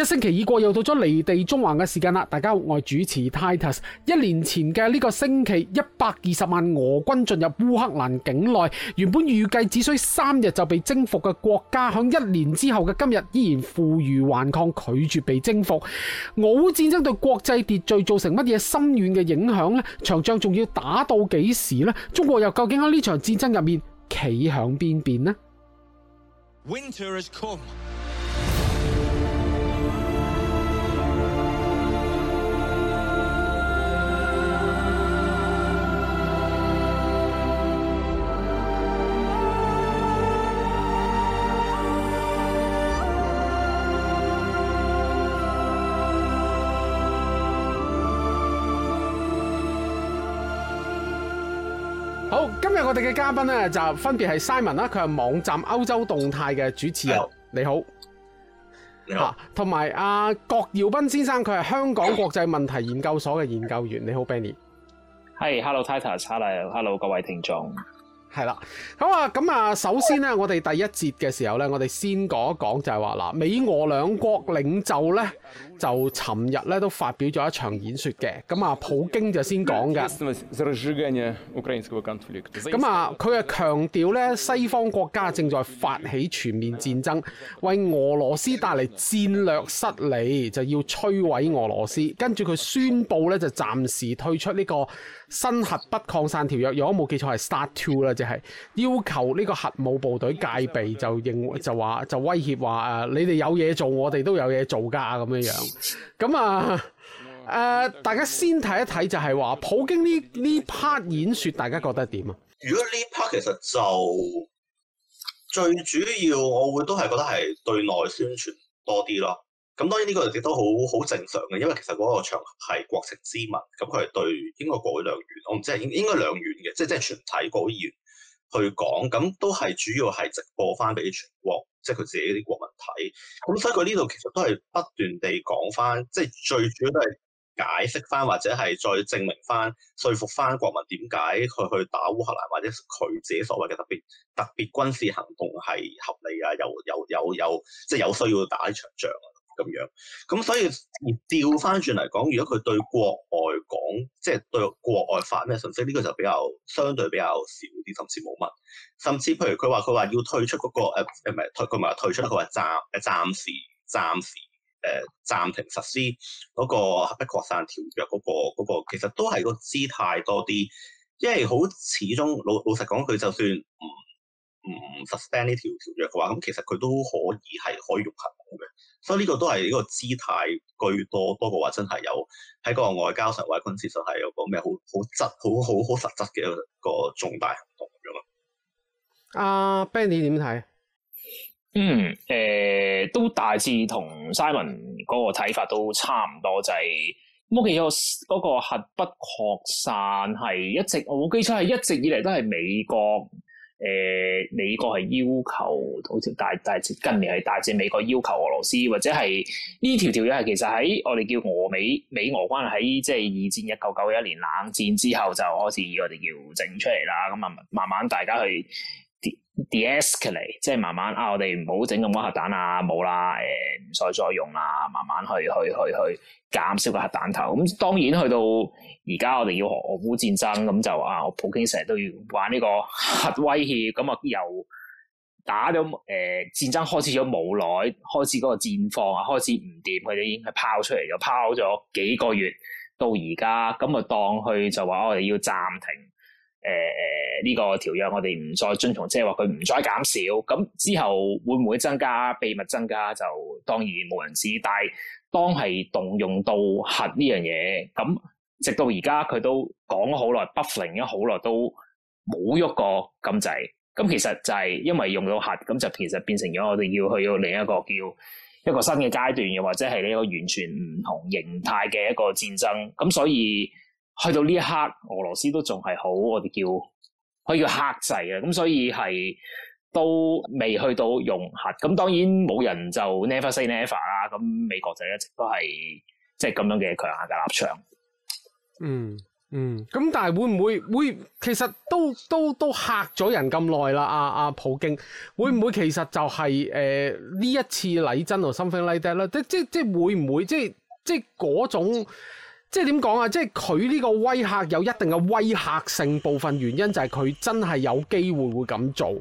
一星期已過，又到咗離地中環嘅時間啦！大家好，我係主持 Titus，一年前嘅呢個星期，一百二十萬俄軍進入烏克蘭境內，原本預計只需三日就被征服嘅國家，響一年之後嘅今日依然負隅頑抗，拒絕被征服。俄烏戰爭對國際秩序造成乜嘢深遠嘅影響呢？場仗仲要打到幾時呢？中國又究竟喺呢場戰爭入面企響邊邊呢？Winter has come. 我哋嘅嘉賓咧就分別係 Simon 啦，佢係網站歐洲動態嘅主持人。Hello. 你好，你好，同埋阿郭耀斌先生，佢係香港國際問題研究所嘅研究員。你好，Benny，n 係、hey, Hello，Titus，Hello hello, 各位聽眾，係啦，好啊，咁啊，首先咧，我哋第一節嘅時候咧，我哋先講一講就係話嗱，美俄兩國領袖咧。就尋日咧都發表咗一場演說嘅，咁啊普京就先講嘅。咁啊佢嘅強調咧，西方國家正在發起全面戰爭，為俄羅斯帶嚟戰略失利，就要摧毀俄羅斯。跟住佢宣布咧就暫時退出呢個新核不擴散條約，如果冇記錯係、就是、START Two 啦，即、就、係、是、要求呢個核武部隊戒備，就認就話就威脅話誒你哋有嘢做，我哋都有嘢做㗎咁樣樣。咁啊，誒、呃，大家先睇一睇，就係話普京呢呢 part 演説，大家覺得點啊？如果呢 part 其實就最主要，我會都係覺得係對內宣傳多啲咯。咁當然呢個亦都好好正常嘅，因為其實嗰個場係國情咨文，咁佢係對應該國會兩院，我唔知係應應該兩院嘅，即係即係全體國會議員去講，咁都係主要係直播翻俾全國，即係佢自己啲國。睇咁、嗯、所以佢呢度其實都係不斷地講翻，即、就、係、是、最主要都係解釋翻或者係再證明翻、說服翻國民點解佢去打烏克蘭或者佢自己所謂嘅特別特別軍事行動係合理啊，有有有有即係、就是、有需要打呢場仗。咁樣，咁所以調翻轉嚟講，如果佢對國外講，即係對國外發咩信息，呢個就比較相對比較少啲，甚至冇乜。甚至譬如佢話佢話要退出嗰、嗰個誒誒，唔係佢唔係話退出，佢話暫誒暫時暫時誒、呃、暫停實施嗰個不擴散條約嗰個嗰個，嗰個嗰個、其實都係個姿態多啲，因為好始終老老實講，佢就算嗯，唔 suspend 呢條條約嘅話，咁其實佢都可以係可以融合到嘅，所以呢個都係呢個姿態居多，多過話真係有喺個外交上，或者軍事上係有個咩好好質好好好實質嘅一個重大行動。咁樣，阿 Benny 點睇？Uh, ben, 嗯，誒、呃，都大致同 Simon 嗰個睇法都差唔多，就係我記得嗰個核不擴散係一直，我記錯係一直以嚟都係美國。誒、呃、美國係要求，好似大大致近年係大致美國要求俄羅斯，或者係呢條條約係其實喺我哋叫俄美美俄關係，喺即係二戰一九九一年冷戰之後就開始我哋叫整出嚟啦，咁啊慢慢大家去，de escalate，即係慢慢啊，我哋唔好整咁多核彈啊，冇啦。誒、呃，唔使再用啦，慢慢去去去去減少個核彈頭。咁、嗯、當然去到而家，我哋要俄烏戰爭，咁就啊，普京成日都要玩呢個核威脅。咁啊，又打咗誒戰爭開始咗冇耐，開始嗰個戰況啊，開始唔掂，佢哋已經係拋出嚟，又拋咗幾個月到而家，咁啊當去就話我哋要暫停。誒誒，呢、呃這個條約我哋唔再遵從，即係話佢唔再減少。咁之後會唔會增加，秘密增加就當然無人知。但係當係動用到核呢樣嘢，咁直到而家佢都講咗好耐，不靈咗好耐都冇喐過咁滯。咁其實就係因為用到核，咁就其實變成咗我哋要去到另一個叫一個新嘅階段，又或者係呢個完全唔同形態嘅一個戰爭。咁所以。去到呢一刻，俄羅斯都仲係好，我哋叫可以叫克制啊！咁所以係都未去到融合。咁當然冇人就 never say never 啦。咁美國就一直都係即係咁樣嘅強硬嘅立場。嗯嗯。咁、嗯、但係會唔會會其實都都都嚇咗人咁耐啦？阿、啊、阿、啊、普京會唔會其實就係誒呢一次禮真同 something like that 啦？即會會即即會唔會即即嗰種？即係點講啊？即係佢呢個威嚇有一定嘅威嚇性，部分原因就係佢真係有機會會咁做。誒、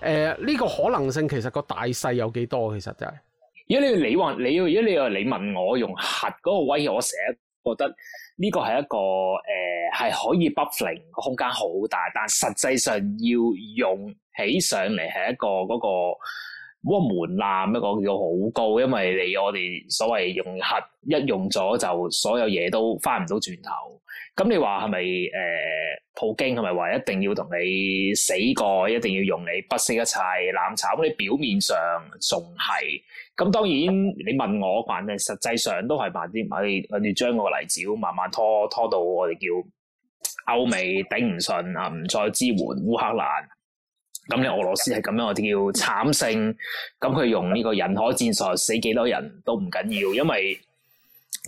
呃、呢、這個可能性其實個大細有幾多？其實就係、是、如果你你話你要，如果你話你，你，你問我用核嗰個威，我成日覺得呢個係一個誒係、呃、可以 buffering 個空間好大，但實際上要用起上嚟係一個嗰、嗰個。咁個門檻一個叫好高，因為你我哋所謂用核，一用咗就所有嘢都翻唔到轉頭。咁你話係咪誒普京係咪話一定要同你死過，一定要用你不惜一切攬炒，你表面上仲係，咁當然你問我，反正實際上都係慢啲，唔我哋按住將個例子慢慢拖，拖到我哋叫歐美頂唔順啊，唔再支援烏克蘭。咁你俄羅斯係咁樣，我哋叫慘勝。咁佢用呢個人海戰術，死幾多人都唔緊要，因為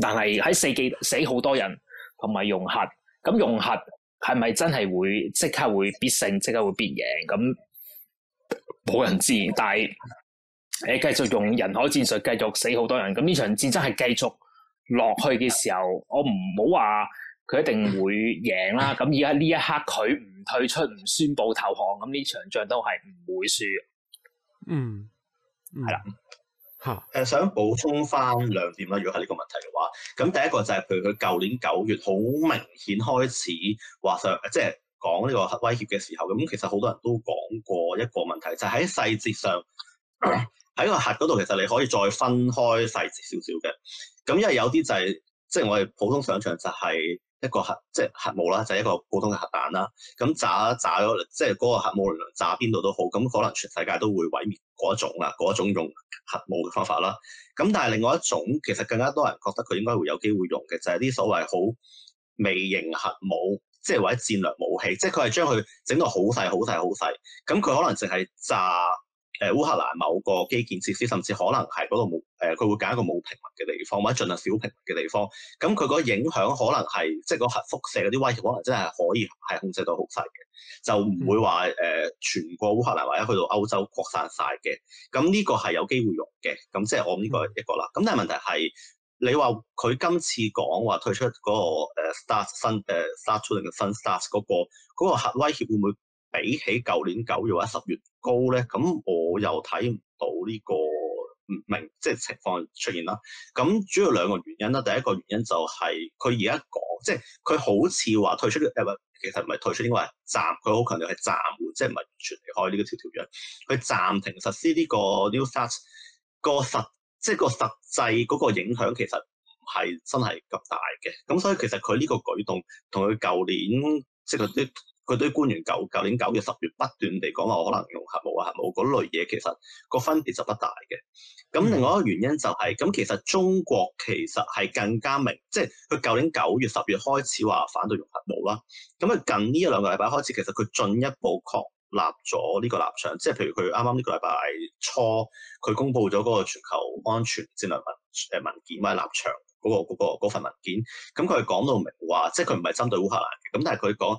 但係喺死幾多死好多人，同埋用核。咁用核係咪真係會即刻會必勝，即刻會必贏？咁冇人知。但係你繼續用人海戰術繼續死好多人。咁呢場戰爭係繼續落去嘅時候，我唔好話。佢一定會贏啦，咁而家呢一刻佢唔退出，唔宣佈投降，咁呢場仗都係唔會輸嗯。嗯，係啦的，吓、 呃，誒想補充翻兩點啦，如果係呢個問題嘅話，咁第一個就係、是，譬如佢舊年九月好明顯開始話上，即係講呢個核威脅嘅時候，咁其實好多人都講過一個問題，就喺、是、細節上，喺 個核嗰度，其實你可以再分開細節少少嘅，咁因為有啲就係、是，即係我哋普通想象就係、是。一個核即係核武啦，就係一個普通嘅核彈啦。咁炸炸咗，即係嗰個核武炸邊度都好，咁可能全世界都會毀滅嗰一種啦，嗰種用核武嘅方法啦。咁但係另外一種，其實更加多人覺得佢應該會有機會用嘅，就係啲所謂好微型核武，即係或者戰略武器，即係佢係將佢整到好細好細好細，咁佢可能淨係炸。誒、呃、烏克蘭某個基建設施，甚至可能係嗰度冇誒，佢、呃、會揀一個冇平民嘅地方，或者盡量少平民嘅地方。咁佢個影響可能係，即係個核輻射嗰啲威脅，可能真係可以係控制到好細嘅，就唔會話誒、呃、全個烏克蘭或者去到歐洲擴散晒嘅。咁呢個係有機會用嘅。咁即係我呢個一個啦。咁但係問題係，你話佢今次講話退出嗰個誒 START 新誒 START 出嚟嘅新 START 嗰、嗰個嗰、嗰個核威脅會唔會比起舊年九月或者十月？高咧，咁我又睇唔到呢個明即係、就是、情況出現啦。咁主要兩個原因啦，第一個原因就係佢而家講，即係佢好似話退出，誒唔係其實唔係退出，應該係暫，佢好強調係暫緩，即係唔係完全離開呢個條條約。佢暫停實施呢個 new start，個實即係、就是、個實際嗰個影響其實唔係真係咁大嘅。咁所以其實佢呢個舉動同佢舊年即係啲。就是佢對官員九舊年九月十月不斷地講話，可能用核武啊、核武嗰類嘢，其實個分別就不大嘅。咁另外一個原因就係、是，咁其實中國其實係更加明，即係佢舊年九月十月開始話反對用核武啦。咁啊，近呢一兩個禮拜開始，其實佢進一步確立咗呢個立場，即係譬如佢啱啱呢個禮拜初，佢公布咗嗰個全球安全戰略文誒文件或者立場嗰、嗰個嗰份文件，咁佢係講到明話，即係佢唔係針對烏克蘭嘅，咁但係佢講。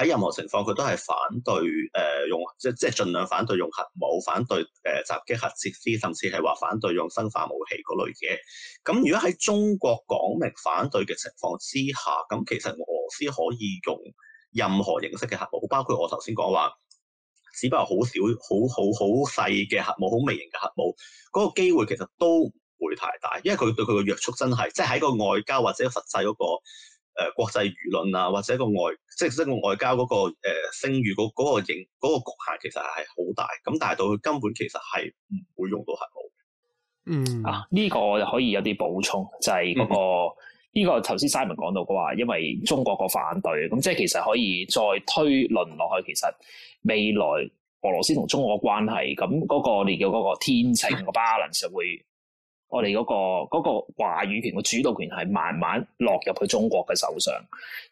喺任何情況，佢都係反對誒用、呃，即即係盡量反對用核武，反對誒、呃、襲擊核設施，甚至係話反對用生化武器嗰類嘢。咁如果喺中國講明反對嘅情況之下，咁其實俄羅斯可以用任何形式嘅核武，包括我頭先講話，只不過好小、好好好細嘅核武、好微型嘅核武，嗰、嗰個機會其實都唔會太大，因為佢對佢嘅約束真係，即係喺個外交或者實際嗰個。誒、呃、國際輿論啊，或者個外，即係即係外交嗰、那個誒、呃、聲譽嗰、那、嗰、個那個那個局限其實係好大，咁但係到佢根本其實係唔會用到核武。嗯啊，呢、這個可以有啲補充，就係、是、嗰、那個呢、嗯、個頭先 Simon 講到嘅話，因為中國個反對，咁即係其實可以再推論落去，其實未來俄羅斯同中國嘅關係，咁嗰、那個你叫嗰個天秤個 balance 就會。我哋嗰、那個嗰、那個話語權個主導權係慢慢落入去中國嘅手上，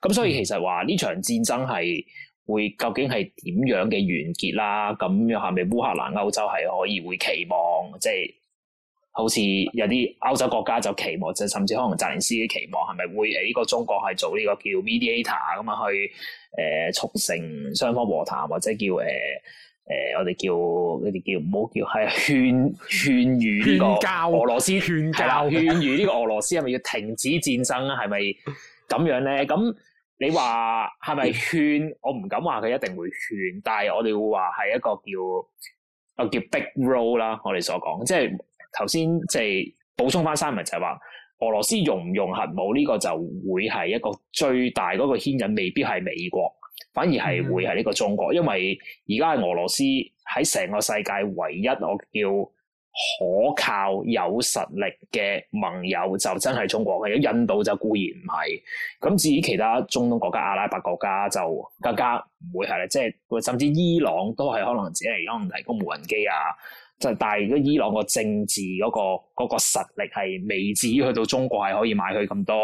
咁所以其實話呢場戰爭係會究竟係點樣嘅完結啦？咁樣係咪烏克蘭歐洲係可以會期望，即、就、係、是、好似有啲歐洲國家就期望，就甚至可能澤連斯嘅期望係咪會喺呢個中國係做呢個叫 mediator 咁啊，去誒、呃、促成雙方和談或者叫誒？呃誒、呃，我哋叫啲叫唔好叫，係勸勸喻呢個俄羅斯，勸教勸喻呢個俄羅斯係咪要停止戰爭啊？係咪咁樣咧？咁你話係咪勸？ 我唔敢話佢一定會勸，但係我哋會話係一個叫啊叫 g r o l 啦。我哋所講即係頭先即係補充返 Simon，就係、是、話俄羅斯用唔用核武呢、這個就會係一個最大嗰個牽引，未必係美國。反而係會係呢個中國，因為而家係俄羅斯喺成個世界唯一我叫可靠有實力嘅盟友，就真係中國。如果印度就固然唔係，咁至於其他中東國家、阿拉伯國家就更加唔會係，即係甚至伊朗都係可能只係而家可能係個無人機啊。就但係如果伊朗個政治嗰個嗰個實力係未至於去到中國係可以買佢咁多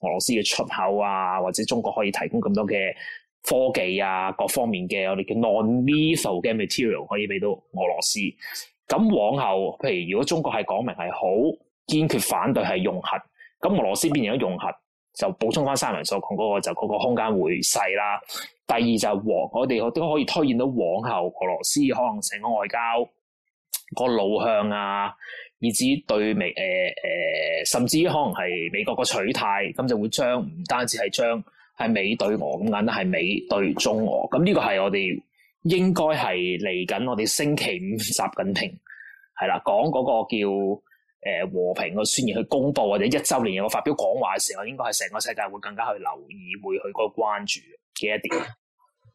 俄羅斯嘅出口啊，或者中國可以提供咁多嘅。科技啊，各方面嘅我哋叫 non-military material 可以俾到俄羅斯。咁往後，譬如如果中國係講明係好堅決反對係用核，咁俄羅斯變成咗用核，就補充翻 Simon 所講嗰個就嗰個空間會細啦。第二就係、是、往，我哋可都可以推現到往後俄羅斯可能成個外交個路向啊，以至於對美誒誒、呃呃，甚至於可能係美國個取態，咁就會將唔單止係將。係美對俄咁簡單，係美對中俄。咁呢個係我哋應該係嚟緊，我哋星期五習近平係啦講嗰個叫誒和平嘅宣言去公布或者一周年有個發表講話嘅時候，應該係成個世界會更加去留意，會去嗰個關注嘅一點。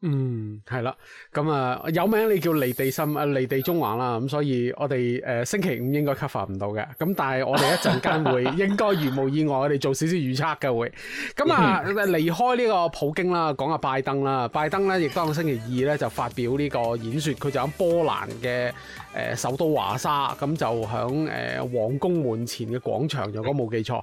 Mm, 嗯，係、嗯、啦，咁啊有名你叫離地心啊，離地中環啦，咁、嗯、所以我哋誒、呃、星期五應該 cover 唔到嘅，咁、嗯、但係我哋一陣間會，會 應該如無意外，我哋做少少預測嘅會，咁啊離開呢個普京啦，講下拜登啦，拜登咧亦都喺星期二咧就發表呢個演說，佢就喺波蘭嘅誒首都華沙，咁、嗯、就響誒皇宮門前嘅廣場，如果冇記錯。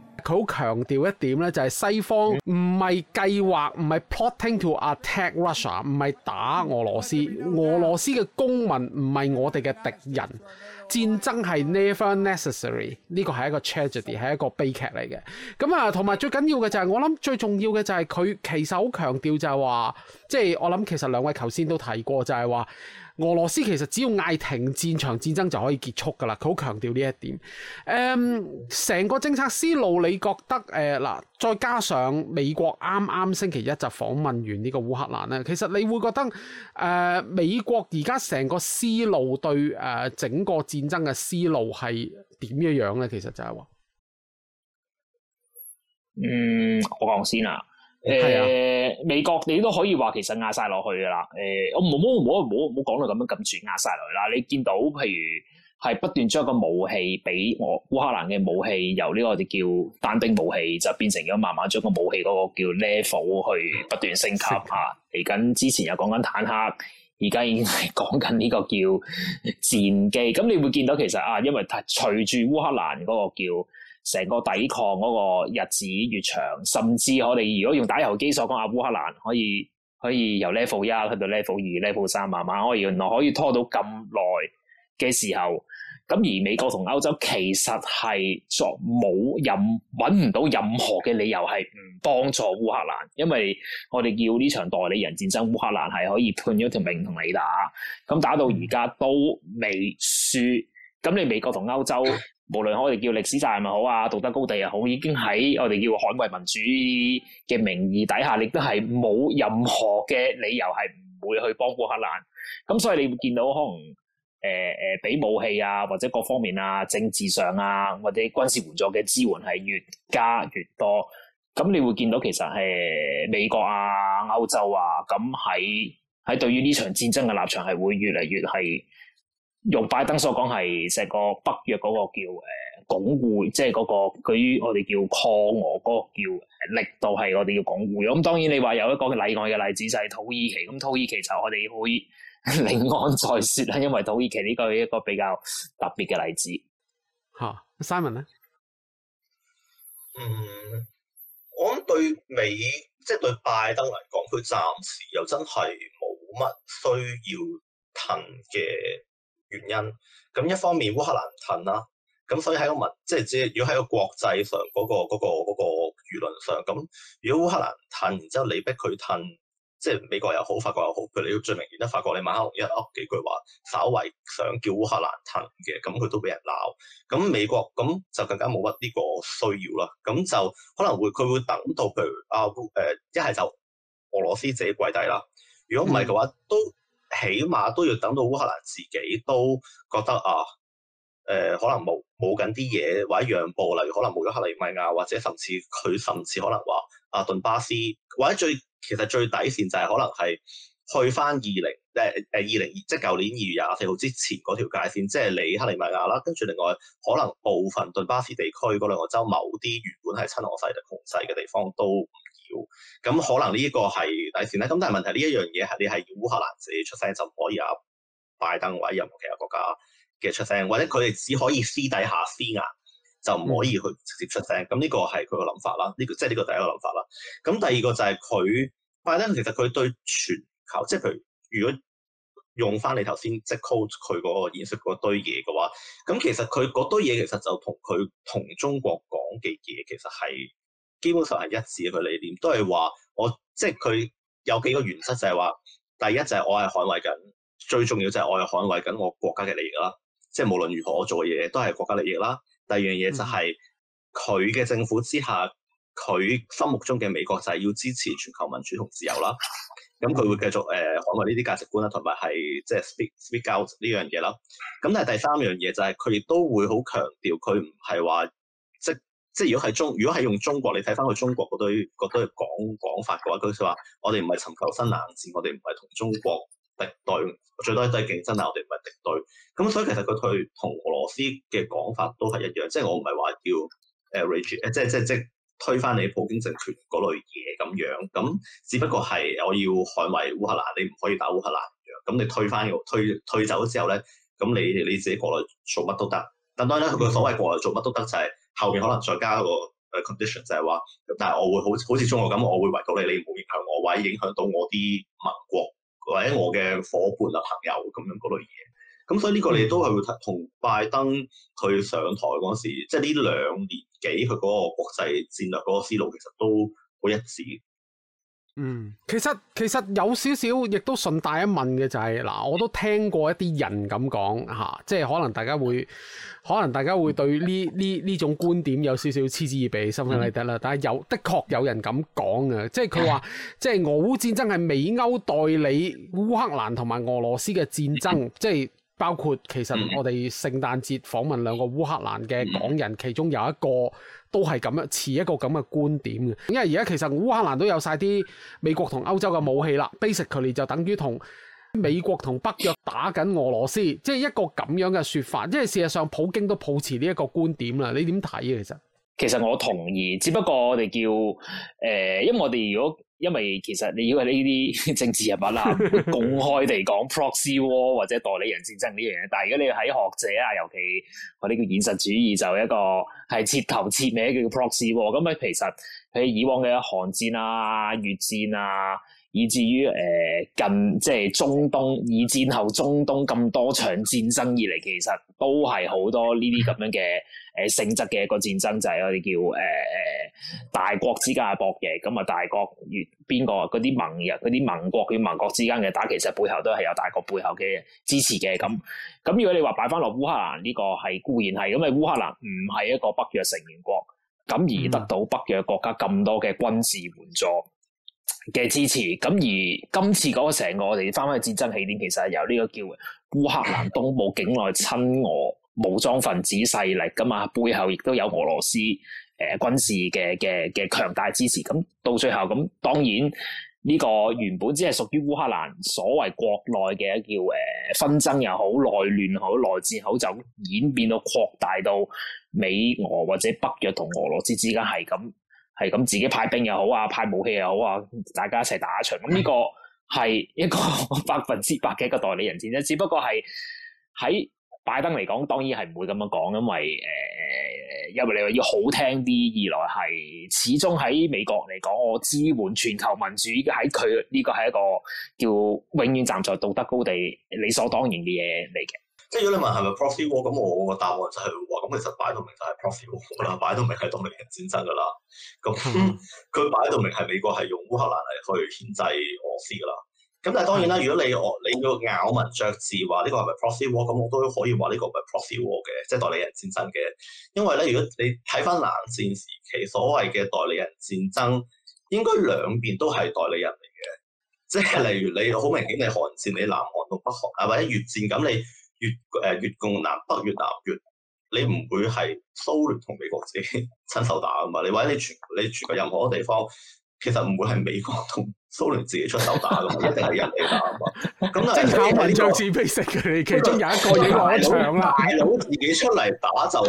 佢好強調一點咧，就係、是、西方唔係計劃，唔係 plotting to attack Russia，唔係打俄羅斯。俄羅斯嘅公民唔係我哋嘅敵人。戰爭係 never necessary，呢個係一個 tragedy，係一個悲劇嚟嘅。咁啊，同埋最緊要嘅就係我諗最重要嘅就係、是、佢、就是、其實好強調就係話，即、就、係、是、我諗其實兩位頭先都提過就係話。俄羅斯其實只要嗌停戰，場戰爭就可以結束噶啦，佢好強調呢一點。誒、嗯，成個政策思路，你覺得誒嗱、呃，再加上美國啱啱星期一就訪問完呢個烏克蘭咧，其實你會覺得誒、呃、美國而家成個思路對誒、呃、整個戰爭嘅思路係點嘅樣咧？其實就係、是、話，嗯，我講先啦。誒、呃啊、美國你都可以話其實壓晒落去㗎啦，誒、呃、我冇冇冇冇冇講到咁樣咁絕壓晒落去啦。你見到譬如係不斷將個武器俾我烏克蘭嘅武器，由呢個叫單兵武器就變成咗慢慢將個武器嗰個叫 level 去不斷升級吓啊。嚟緊之前又講緊坦克，而家已經係講緊呢個叫戰機。咁你會見到其實啊，因為隨住烏克蘭嗰個叫，成個抵抗嗰個日子越長，甚至我哋如果用打遊機所講，阿烏克蘭可以可以由 level 一去到 level 二、level 三慢慢可以原來可以拖到咁耐嘅時候，咁而美國同歐洲其實係作冇任搵唔到任何嘅理由係唔幫助烏克蘭，因為我哋叫呢場代理人戰爭，烏克蘭係可以判咗條命同你打，咁打到而家都未輸，咁你美國同歐洲，無論我哋叫歷史責任又好啊，道德高地又好，已經喺我哋叫捍衞民主嘅名義底下，亦都係冇任何嘅理由係唔會去幫烏克蘭。咁所以你會見到可能誒誒俾武器啊，或者各方面啊，政治上啊，或者軍事援助嘅支援係越加越多。咁你會見到其實誒美國啊、歐洲啊，咁喺喺對於呢場戰爭嘅立場係會越嚟越係。用拜登所講係成個北約嗰個叫誒、呃、鞏固，即係嗰、那個佢我哋叫抗俄嗰、那個叫力度係我哋叫鞏固。咁、嗯、當然你話有一個例外嘅例子就係土耳其，咁、嗯、土耳其就我哋會 另案再說啦，因為土耳其呢個係一個比較特別嘅例子。吓、啊、Simon 咧，嗯，我諗對美即係對拜登嚟講，佢暫時又真係冇乜需要騰嘅。原因，咁一方面烏克蘭褪啦，咁所以喺個民即係即係，如果喺個國際上嗰個嗰個嗰個輿論上，咁如果烏克蘭褪，然之後你逼佢褪，即係美國又好，法國又好，佢哋都最明顯得法國，你馬克龍一噏、哦、幾句話，稍為想叫烏克蘭褪嘅，咁佢都俾人鬧，咁美國咁就更加冇乜呢個需要啦，咁就可能會佢會等到譬如啊誒一係就俄羅斯自己跪低啦，如果唔係嘅話都。嗯起碼都要等到烏克蘭自己都覺得啊，誒、呃、可能冇冇緊啲嘢，或者讓步，例如可能冇咗克里米亞，或者甚至佢甚至可能話啊頓巴斯，或者最其實最底線就係可能係去翻二零誒誒二零即係舊年二月廿四號之前嗰條界線，即係你克里米亞啦，跟住另外可能部分頓巴斯地區嗰兩個州某啲原本係親俄勢力控制嘅地方都。咁可能呢個係底線咧，咁但係問題呢一樣嘢係你係烏克蘭自己出聲就唔可以啊，拜登或者任何其他國家嘅出聲，或者佢哋只可以私底下施壓就唔可以去直接出聲。咁呢、嗯、個係佢、個諗法啦，呢個即係呢個第一個諗法啦。咁第二個就係佢拜登其實佢對全球即係譬如，如果用翻你頭先即係 call 佢嗰個現實嗰堆嘢嘅話，咁其實佢嗰堆嘢其實就同佢同中國講嘅嘢其實係。基本上係一致嘅佢理念，都係話我即係佢有幾個原則就，就係話第一就係我係捍衞緊最重要就係我係捍衞緊我國家嘅利益啦。即係無論如何，我做嘅嘢都係國家利益啦。第二樣嘢就係佢嘅政府之下，佢心目中嘅美國就係要支持全球民主同自由啦。咁佢會繼續誒捍衞呢啲價值觀啦，同埋係即係 speak speak out 呢樣嘢啦。咁但係第三樣嘢就係佢亦都會好強調，佢唔係話。即係如果係中，如果係用中國，你睇翻去中國嗰堆堆講講法嘅話，佢就話我哋唔係尋求新冷戰，我哋唔係同中國敵對，最多都係競爭啦。我哋唔係敵對咁，所以其實佢退同俄羅斯嘅講法都係一樣。即係我唔係話要誒、uh, r 即係即係即係推翻你普京政權嗰類嘢咁樣。咁只不過係我要捍衛烏克蘭，你唔可以打烏克蘭咁。你推翻，推推走之後咧，咁你你自己國內做乜都得。但當然咧，佢所謂國內做乜都得就係、是。後面可能再加一個誒 condition，就係話，但係我會好好似中國咁，我會圍堵你，你唔好影響我，或者影響到我啲盟國，或者我嘅伙伴啊朋友咁樣嗰類嘢。咁所以呢個你都係會同拜登去上台嗰時，即係呢兩年幾佢嗰個國際戰略嗰個思路，其實都好一致。嗯其，其實其實有少少，亦都順帶一問嘅就係、是、嗱，我都聽過一啲人咁講吓，即係可能大家會，可能大家會對呢呢呢種觀點有少少嗤之以鼻，心唔嚟得啦。但係有的確有人咁講嘅，即係佢話，即係、嗯、俄烏戰爭係美歐代理烏克蘭同埋俄羅斯嘅戰爭，嗯、即係。包括其實我哋聖誕節訪問兩個烏克蘭嘅港人，其中有一個都係咁樣，持一個咁嘅觀點嘅。因為而家其實烏克蘭都有晒啲美國同歐洲嘅武器啦，Basically 就等於同美國同北約打緊俄羅斯，即係一個咁樣嘅説法。因為事實上普京都抱持呢一個觀點啦，你點睇啊？其實？其實我同意，只不過我哋叫誒、呃，因為我哋如果因為其實你要呢啲政治人物、啊、 公開地講 proxy、啊、或者代理人戰爭呢樣嘢，但係如果你喺學者啊，尤其我呢叫現實主義就是、一個係徹頭徹尾叫 proxy war，咁啊其實佢以往嘅韓戰啊、越戰啊。以至於誒、呃、近即係中東二戰後中東咁多場戰爭以嚟，其實都係好多呢啲咁樣嘅誒、呃、性質嘅一個戰爭，就係、是、我哋叫誒誒、呃、大國之間嘅博弈。咁啊，大國與邊、呃、個嗰啲盟人、嗰啲盟國、與盟國之間嘅打,其實背後都係有大國背後嘅支持嘅。咁咁如果你話擺翻落烏克蘭呢、這個係固然係咁，但烏克蘭唔係一個北約成員國，咁而得到北約國家咁多嘅軍事援助嘅支持，咁而今次嗰個成個我哋翻翻去戰爭起點，其實係由呢個叫烏克蘭東部境內親俄武裝分子勢力噶嘛，背後亦都有俄羅斯誒、呃、軍事嘅嘅嘅強大支持。咁到最後，咁當然呢、呢個原本只係屬於烏克蘭所謂國內嘅一叫誒紛、呃、爭又好、內亂好、內戰好，就演變到擴大到美俄或者北約同俄羅斯之間，係咁。係咁，自己派兵又好啊，派武器又好啊，大家一齊打一場咁，呢、嗯這個係一個百分之百嘅一個代理人戰爭，只不過係喺拜登嚟講，當然係唔會咁樣講，因為誒，一來你話要好聽啲，二來係始終喺美國嚟講，我支援全球民主喺佢呢個係一個叫永遠站在道德高地、理所當然嘅嘢嚟嘅。即係如果你問係咪 proxy 咁，我個答案真係。其實擺到明就係 proxy war 啦，擺到明係當代理人戰爭噶啦。咁、嗯、佢 擺到明係美國係用烏克蘭嚟去牽制俄斯噶啦。咁但係當然啦，如果你我你要咬文嚼字話呢個係咪 proxy war，咁我都可以話呢個唔係 proxy war 嘅，即、就、係、是、代理人戰爭嘅。因為咧，如果你睇翻冷戰時期所謂嘅代理人戰爭，應該兩邊都係代理人嚟嘅。即係例如你好明顯，你韓戰你南韓同北韓，啊或者越戰咁你越誒越，越共南北越南，越南越。你唔會係蘇聯同美國自己親手打啊嘛？你或者你全你全國任何地方，其實唔會係美國同蘇聯自己出手打嘛？一定係人哋打嘛。咁啊、就是，即係靠文章自編式嘅，這個、其中有一個嘢講、就是、大佬 自己出嚟打就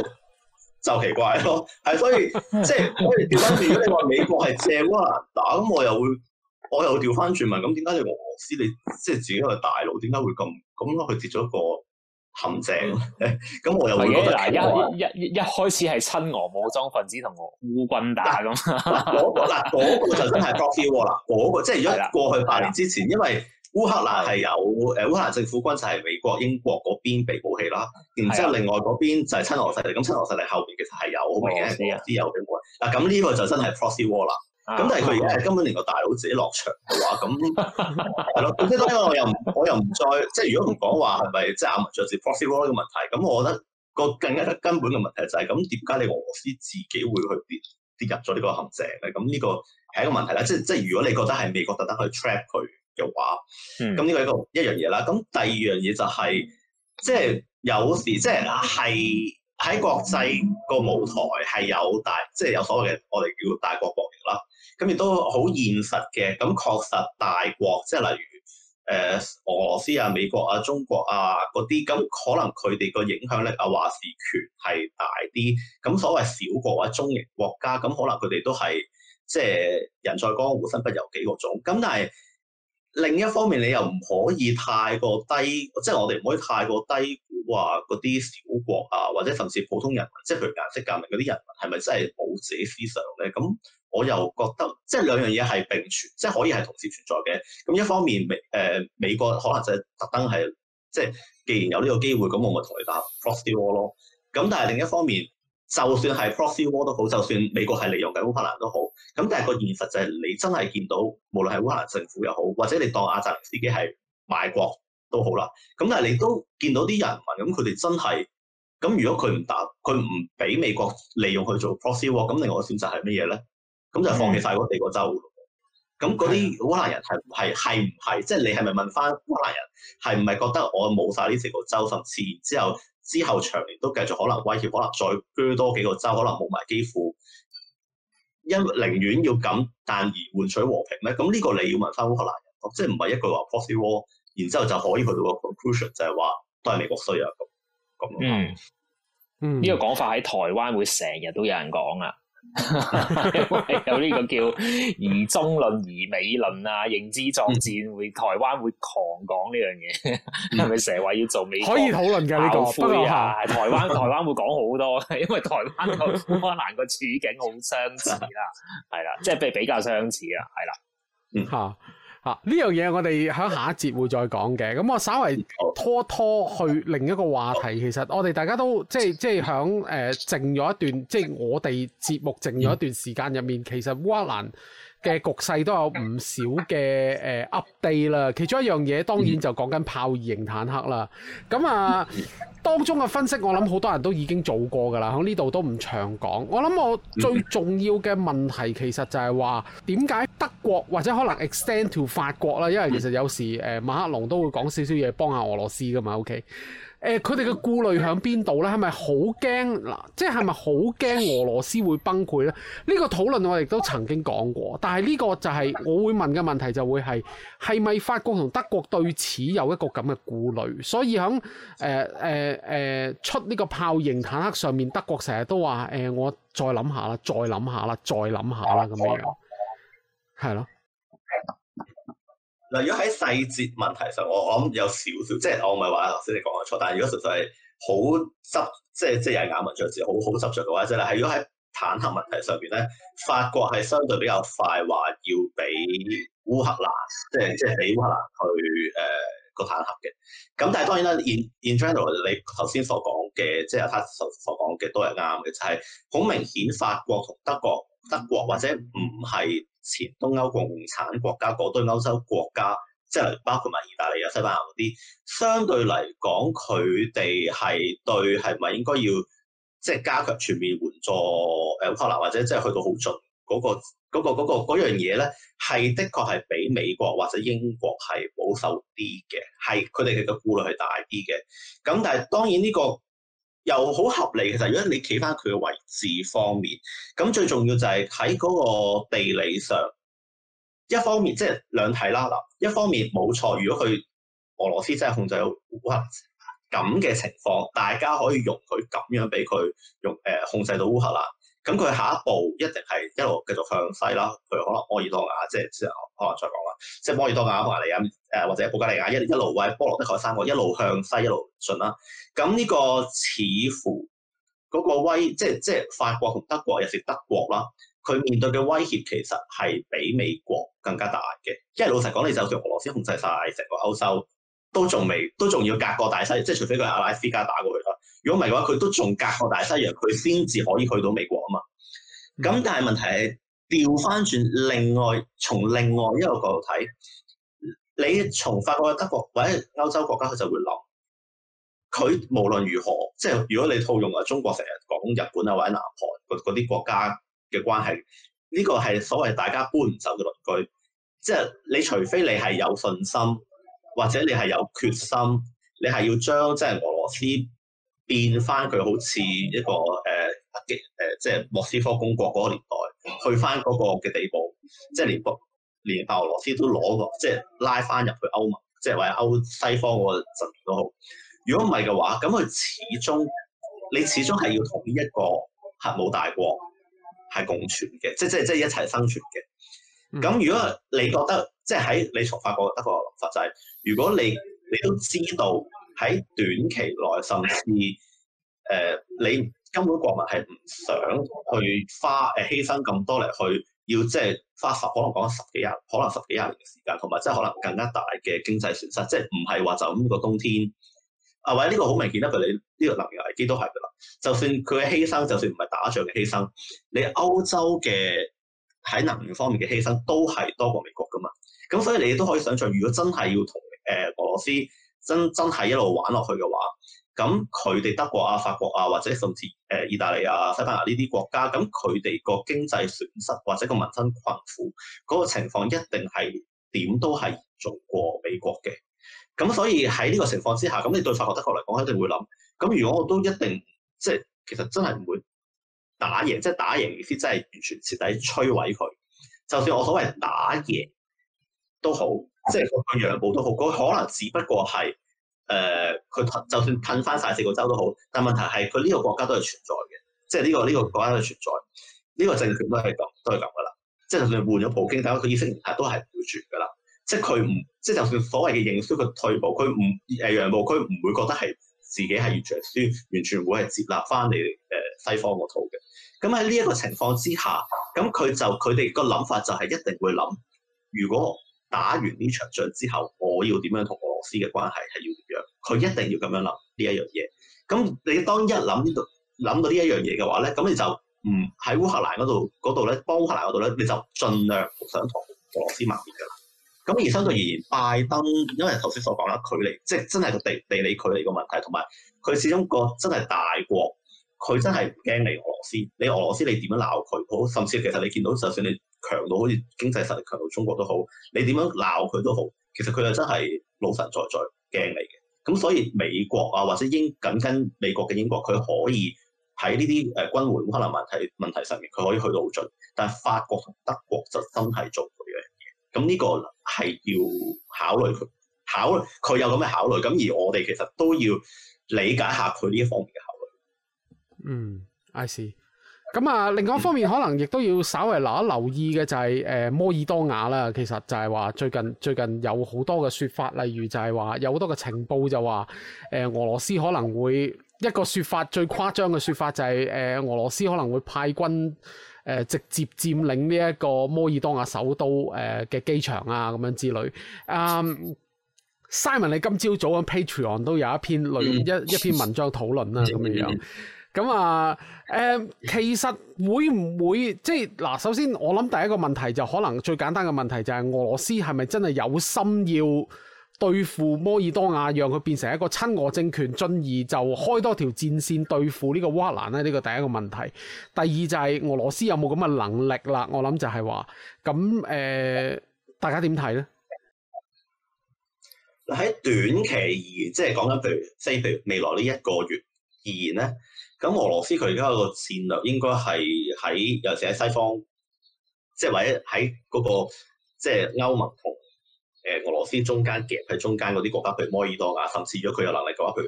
就奇怪咯。係，所以即係我哋調翻轉，如果你話美國係借哇打咁、嗯，我又會我又調翻轉，問。咁點解你俄羅斯你即係、就是、自己個大佬，點解會咁咁咯？佢跌咗一個。陷阱，咁 我又會覺得奇怪、啊。一、一、一、開始係親俄武裝分子同我烏軍打咁。嗰嗱嗰個就真係 proxy war 啦。嗰個即係如果過去八年之前，因為烏克蘭係有誒呃、烏克蘭政府軍就係美國、英國嗰邊俾武器啦，然之後另外嗰邊就係親俄勢力。咁親俄勢力後邊其實係有好明顯之有支援。嗱咁呢個就真係 proxy war 啦。咁、啊、但係佢如果係根本連個大佬自己落場嘅話，咁係咯。咁即係我又唔，我又唔再即係。如果唔講話係咪即係亞文著字 positive 嘅問題，咁我覺得個更加根本嘅問題就係、是、咁，點解你俄羅斯自己會去跌跌入咗呢個陷阱嘅？咁呢個係一個問題啦。即係即係如果你覺得係美國特登去 trap 佢嘅話，咁呢、嗯、個係一個一樣嘢啦。咁第二樣嘢就係、是、即係有時即係係。喺國際個舞台係有大，即係有所謂嘅我哋叫大國博弈啦。咁亦都好現實嘅。咁確實大國，即係例如誒俄羅斯啊、美國啊、中國啊嗰啲，咁可能佢哋個影響力啊、話事權係大啲。咁所謂小國或者中型國家，咁可能佢哋都係即係人在江湖身不由己嗰種。咁但係，另一方面，你又唔可以太過低，即係我哋唔可以太過低估話嗰啲小國啊，或者甚至普通人，即係譬如顏色革命嗰啲人民，係咪真係冇自己思想咧？咁我又覺得即係兩樣嘢係並存，即係可以係同時存在嘅。咁一方面美誒、呃、美國可能就係特登係，即係既然有呢個機會，咁我咪同你打 proxy war 咯。咁但係另一方面，就算係 proxy war 都好，就算美國係利用緊烏克蘭都好，咁但係個現實就係你真係見到，無論係烏克蘭政府又好，或者你當阿澤自己係賣國都好啦，咁但係你都見到啲人民，咁佢哋真係，咁如果佢唔答，佢唔俾美國利用去做 proxy war，咁另外選擇係乜嘢咧？咁就放棄晒嗰地嗰州。咁嗰啲烏克蘭人係唔係係唔係？即係、就是、你係咪問翻烏克蘭人係唔係覺得我冇晒呢幾個州甚至之後。之後長年都繼續可能威脅，可能再居多幾個州，可能冇埋基輔。因寧願要咁，但而換取和平咩？咁呢個你要問翻烏克蘭人，即係唔係一句話 proxy war，然之後就可以去到個 conclusion 就係話都係美國衰啊咁。嗯嗯，呢個講法喺台灣會成日都有人講啊。 因為有呢個叫疑中論疑美論啊，認知作戰會台灣會狂講呢樣嘢，係咪成日話要做美可以討論嘅呢個，啊、不過下台灣灣 台灣會講好多，因為台灣同烏克蘭個處境好相似啦，係啦，即係比比較相似，嗯、啊，係啦，嗯吓。啊！呢樣嘢我哋喺下一節會再講嘅，咁我稍為拖拖去另一個話題。其實我哋大家都即係即係響誒靜咗一段，即係我哋節目靜咗一段時間入面，其實烏克蘭嘅局勢都有唔少嘅誒 update 啦，其中一樣嘢當然就講緊豹二型坦克啦。咁啊， 當中嘅分析我諗好多人都已經做過㗎啦，喺呢度都唔長講。我諗我最重要嘅問題其實就係話點解德國或者可能 extend to 法國啦，因為其實有時誒、呃、馬克龍都會講少少嘢幫下俄羅斯㗎嘛，OK？誒佢哋嘅顧慮喺邊度咧？係咪好驚嗱？即係係咪好驚俄羅斯會崩潰咧？呢、這個討論我亦都曾經講過，但係呢個就係、是、我會問嘅問題、就是，就會係係咪法國同德國對此有一個咁嘅顧慮？所以喺誒誒誒出呢個豹型坦克上面，德國成日都話誒、呃，我再諗下啦，再諗下啦，再諗下啦咁樣，係咯。嗱，如果喺細節問題上，我我諗有少少，即係我唔係話頭先你講嘅錯，但係如果實在係好執，即係即係有咬文嚼字，好好執着嘅話，即係，係如果喺坦克問題上邊咧，法國係相對比較快，話要俾烏克蘭，嗯、即係即係俾烏克蘭去誒個、呃、坦克嘅。咁但係當然啦，in, in general，你頭先所講嘅，即係阿所講嘅都係啱嘅，就係、是、好明顯法國同德國，德國或者唔係。前東歐共產國家嗰堆歐洲國家，即係包括埋意大利啊、西班牙嗰啲，相對嚟講，佢哋係對係咪應該要即係、即係、加強全面援助誒烏克蘭，或者即係去到好盡嗰、嗰個嗰、嗰個、嗰樣嘢咧，係的確係比美國或者英國係保守啲嘅，係佢哋嘅顧慮係大啲嘅。咁但係當然呢、呢個。又好合理嘅，就如果你企翻佢嘅位置方面，咁最重要就係喺嗰個地理上，一方面即係、就是、兩睇啦，嗱，一方面冇錯，如果佢俄羅斯真係控制到烏克蘭咁嘅情況，大家可以容佢咁樣俾佢用，誒，控制到烏克蘭。咁佢下一步一定係一路繼續向西啦，佢可能摩爾多瓦，即係即係可能再講啦，即係摩爾多瓦、匈牙利咁，誒或者布加利亞一一路威波羅的海三個一路向西一路順啦。咁呢個似乎嗰個威，即係即係法國同德國，尤其德國啦，佢面對嘅威脅其實係比美國更加大嘅，因為老實講，你就算俄羅斯控制晒，成個歐洲，都仲未都仲要隔個大西，即係除非佢係阿拉斯加打過去。如果唔係嘅話，佢都仲隔過大西洋，佢先至可以去到美國啊嘛。咁但係問題係調翻轉，另外從另外一個角度睇，你從法國、德國或者歐洲國家，佢就會諗，佢無論如何，即係如果你套用啊，中國成日講日本啊或者南韓嗰啲國家嘅關係，呢個係所謂大家搬唔走嘅鄰居。即係你除非你係有信心，或者你係有決心，你係要將即係俄羅斯。變翻佢好似一個誒北極，即係莫斯科公國嗰個年代，去翻嗰個嘅地步，即係連北連白俄羅斯都攞個，即係拉翻入去歐盟，即係話歐西方嗰個陣面都好。如果唔係嘅話，咁佢始終你始終係要同一個核武大國係共存嘅，即係即係即係一齊生存嘅。咁如果你覺得即係喺你從發覺得個法制、就是，如果你你都知道。喺短期內，甚至誒、呃，你根本國民係唔想去花誒、呃、犧牲咁多嚟去，要即係花十可能講十幾廿，可能十幾廿年嘅時間，同埋即係可能更加大嘅經濟損失，即係唔係話就咁個冬天。啊，或者呢個好明顯，得佢。你呢個能源危機都係噶啦。就算佢嘅犧牲，就算唔係打仗嘅犧牲，你歐洲嘅喺能源方面嘅犧牲都係多過美國噶嘛。咁所以你都可以想像，如果真係要同誒、呃、俄羅斯。真真係一路玩落去嘅話，咁佢哋德國啊、法國啊，或者甚至誒意大利啊、西班牙呢啲國家，咁佢哋個經濟損失或者個民生困苦嗰個情況，一定係點都係做過美國嘅。咁所以喺呢個情況之下，咁你對法國德國嚟講，一定會諗。咁如果我都一定即係其實真係唔會打贏，即係打贏先真係完全徹底摧毀佢。就算我所謂打贏都好。即係佢讓步都好，佢可能只不過係誒佢就算褪翻晒四個州都好，但問題係佢呢個國家都係存在嘅，即係呢個呢個國家都係存在，呢個政權都係咁都係咁噶啦。即係就算換咗普京，但係佢意識形態都係唔會轉噶啦。即係佢唔即係就算所謂嘅認輸，佢退步，佢唔誒讓步，佢唔會覺得係自己係完全輸，完全會係接納翻嚟誒西方嗰套嘅。咁喺呢一個情況之下，咁佢就佢哋個諗法就係一定會諗，如果。打完呢場仗之後，我要點樣同俄羅斯嘅關係係要點樣？佢一定要咁樣諗呢一樣嘢。咁你當一諗呢度諗到呢一樣嘢嘅話咧，咁你就唔喺烏克蘭嗰度嗰度咧，幫烏克蘭嗰度咧，你就盡量唔想同俄羅斯麻煩㗎啦。咁而相對而言，拜登因為頭先所講啦，距離即係真係個地地理距離嘅問題，同埋佢始終個真係大國，佢真係唔驚你俄羅斯。你俄羅斯你點樣鬧佢？好，甚至其實你見到就算你。強到好似經濟實力強到中國都好，你點樣鬧佢都好，其實佢又真係老神在在，驚你嘅。咁所以美國啊，或者英緊跟美國嘅英國，佢可以喺呢啲誒軍援烏克蘭問題問題上面，佢可以去到好盡。但係法國同德國就真係做唔到樣嘢。咁呢個係要考慮佢考慮佢有咁嘅考慮。咁而我哋其實都要理解一下佢呢方面嘅考慮。嗯，I see. 咁啊，另外一方面可能亦都要稍微留一留意嘅就係、是、誒、呃、摩爾多瓦啦。其實就係話最近最近有好多嘅説法，例如就係話有好多嘅情報就話誒、呃、俄羅斯可能會一個説法最誇張嘅説法就係、是、誒、呃、俄羅斯可能會派軍誒、呃、直接佔領呢一個摩爾多瓦首都誒嘅、呃、機場啊咁樣之類。阿、um, Simon，你今朝早喺 Patreon 都有一篇類、嗯、一一篇文章討論啊咁嘅樣。嗯嗯嗯嗯。咁啊，誒、嗯，其實會唔會即係嗱？首先，我諗第一個問題就可能最簡單嘅問題就係俄羅斯係咪真係有心要對付摩爾多瓦，讓佢變成一個親俄政權進而，進而就多開多條戰線對付呢個烏克蘭咧？呢個第一個問題。第二就係俄羅斯有冇咁嘅能力啦？我諗就係話，咁誒、呃，大家點睇咧？喺短期而言，即係講緊，譬如即係譬如未來呢一個月而言咧。咁俄羅斯佢而家個戰略應該係喺，尤其喺西方，即係或者喺嗰個即係歐盟同誒俄羅斯中間夾喺中間嗰啲國家，譬如摩爾多瓦，甚至如果佢有能力嘅話，譬如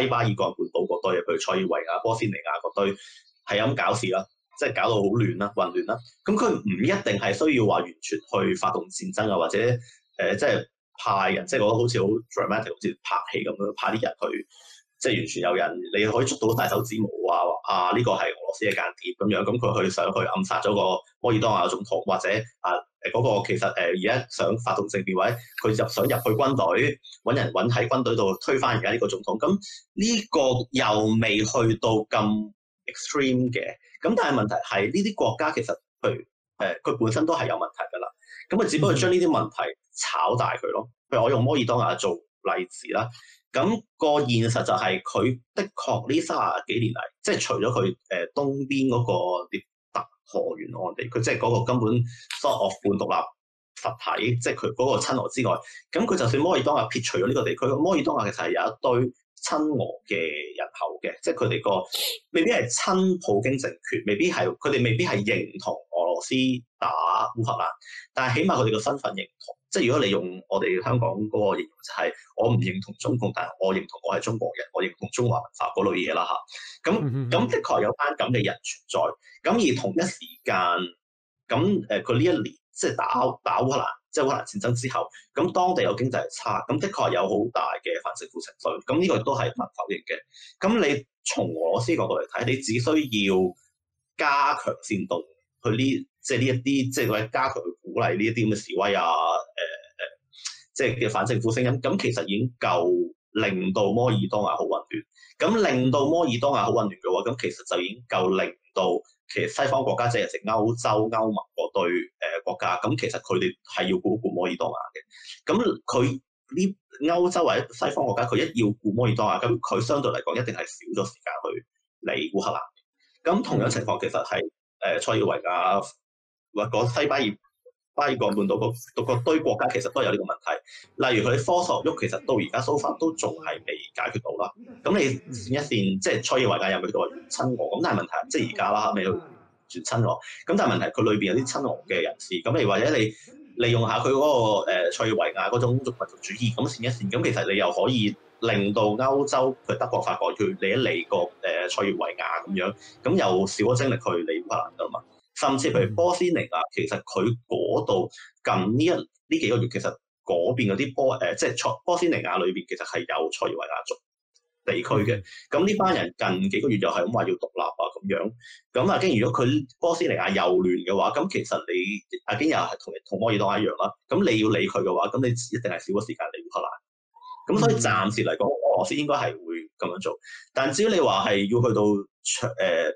誒西巴爾幹半島嗰堆，譬如塞爾維亞、波斯尼亞嗰堆，係咁搞事啦，即係搞到好亂啦、混亂啦。咁佢唔一定係需要話完全去發動戰爭啊，或者誒即係派人，即係我覺得好似好 dramatic，好似拍戲咁樣派啲人去。即係完全有人，你可以捉到大手指模啊！啊，呢個係俄羅斯嘅間諜咁樣，咁佢去想去暗殺咗個摩爾多瓦總統，或者啊嗰個其實誒而家想發動政變位，佢就想入去軍隊揾人，揾喺軍隊度推翻而家呢個總統。咁呢個又未去到咁 extreme 嘅，咁但係問題係呢啲國家其實佢誒佢本身都係有問題㗎啦，咁佢只不過將呢啲問題炒大佢咯。譬如我用摩爾多瓦做例子啦。咁個現實就係佢的確呢卅幾年嚟，即係除咗佢誒東邊嗰個列特河沿岸地，佢即係嗰個根本蘇俄半獨立實體，即係佢嗰個親俄之外，咁佢就算摩爾多瓦撇除咗呢個地區，摩爾多瓦其實係有一堆親俄嘅人口嘅，即係佢哋個未必係親普京政權，未必係佢哋未必係認同俄羅斯打烏克蘭，但係起碼佢哋個身份認同。即係如果你用我哋香港嗰個形容，就係、是、我唔認同中共，但係我認同我係中國人，我認同中華文化嗰類嘢啦嚇。咁咁的確有班咁嘅人存在。咁而同一時間，咁誒佢呢一年即係打打烏克蘭，即係烏克蘭戰爭之後，咁當地有經濟差，咁的確有好大嘅反政府程度，咁呢個都係不可否認嘅。咁你從俄羅斯角度嚟睇，你只需要加強煽動去呢？即係呢一啲，即係為加強去鼓勵呢一啲咁嘅示威啊，誒、呃、誒，即係嘅反政府聲音。咁其實已經夠令到摩爾多瓦好混亂。咁令到摩爾多瓦好混亂嘅話，咁其實就已經夠令到其實西方國家，即係成歐洲歐盟嗰對誒國家，咁其實佢哋係要顧一顧摩爾多瓦嘅。咁佢呢歐洲或者西方國家，佢一要顧摩爾多瓦，咁佢相對嚟講一定係少咗時間去嚟烏克蘭。咁同樣情況其實係誒塞爾維亞。呃或講西班牙、巴爾幹半島各各堆國家其實都有呢個問題。例如佢科索沃其實到而家蘇方都仲係未解決到啦。咁你線一線即係塞爾維亞有咪過親俄？咁但係問題即係而家啦，未去轉親俄。咁但係問題佢裏邊有啲親俄嘅人士。咁你或者你利用下佢嗰個塞爾維亞嗰種民族主義，咁線一線，咁其實你又可以令到歐洲譬如德國、法國，佢嚟一離國誒塞爾維亞咁樣，咁又少咗精力去嚟烏克蘭嘛？甚至譬如波斯尼亞，其實佢嗰度近呢一呢幾個月，其實嗰邊嗰啲波誒、呃，即係塞波斯尼亞裏邊，其實係有塞爾維亞族地區嘅。咁呢班人近幾個月又係咁話要獨立啊咁樣。咁阿堅，如果佢波斯尼亞又亂嘅話，咁其實你阿堅又係同同摩爾多瓦一樣啦。咁你要理佢嘅話，咁你一定係少咗時間嚟烏克蘭。咁、嗯、所以暫時嚟講，俄羅斯應該係會咁樣做。但至於你話係要去到誒、呃，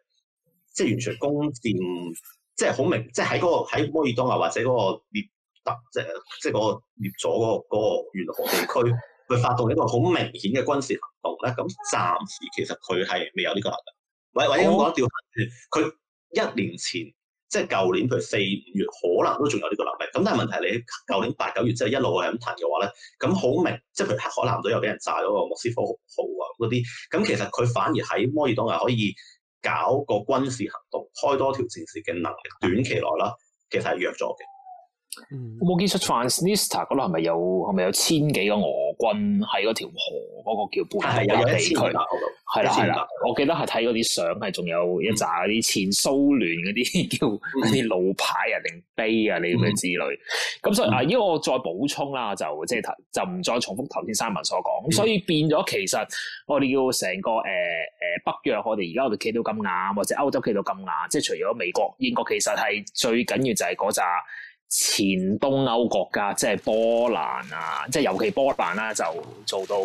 即係完全攻佔。即係好明，明，即係喺嗰個喺摩爾多瓦或者嗰個列特，即係即係嗰個列佐嗰、嗰個嗰個、沿河地區，佢發動一個好明顯嘅軍事行動咧。咁暫時其實佢係未有呢個能力。或或者應該講掉佢一年前，即係舊年譬如四五月可能都仲有呢個能力。咁但係問題你舊年八九月之後一路係咁騰嘅話咧，咁好明，明，即係譬如黑海南端又俾人炸咗個莫斯科號啊嗰啲，咁其實佢反而喺摩爾多瓦可以搞個軍事行動，開多條戰線嘅能力，短期內啦，其實係弱咗嘅。嗯、我冇見出 Transnistria 嗰度係咪有係咪有千幾個俄軍喺嗰條河嗰、嗰個叫半山地區？係啦係啦，我記得係睇嗰啲相係，仲有一紮啲前蘇聯嗰啲叫啲路牌啊定碑啊呢啲之類。咁、嗯、所以啊，因為我再補充啦，就即係就唔再重複頭先 Simon 所講。所以變咗其實我哋要成個誒誒北約，我哋而家我哋企到咁硬，或者歐洲企到咁硬，即係除咗美國、英國，其實係最緊要就係嗰扎。前東歐國家，即係波蘭啊，即係尤其波蘭啦、啊，就做到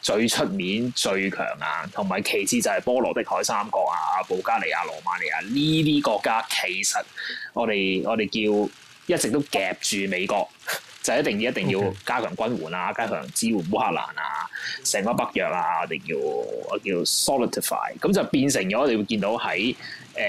最出面最強啊，同埋其次就係波羅的海三國啊，保加利亞、羅馬尼亞呢啲國家，其實我哋我哋叫一直都夾住美國。就一定要一定要加強軍援啦，加強支援烏克蘭啊，成個北約啊，一定要啊叫 solidify，咁就變成咗你會見到喺誒誒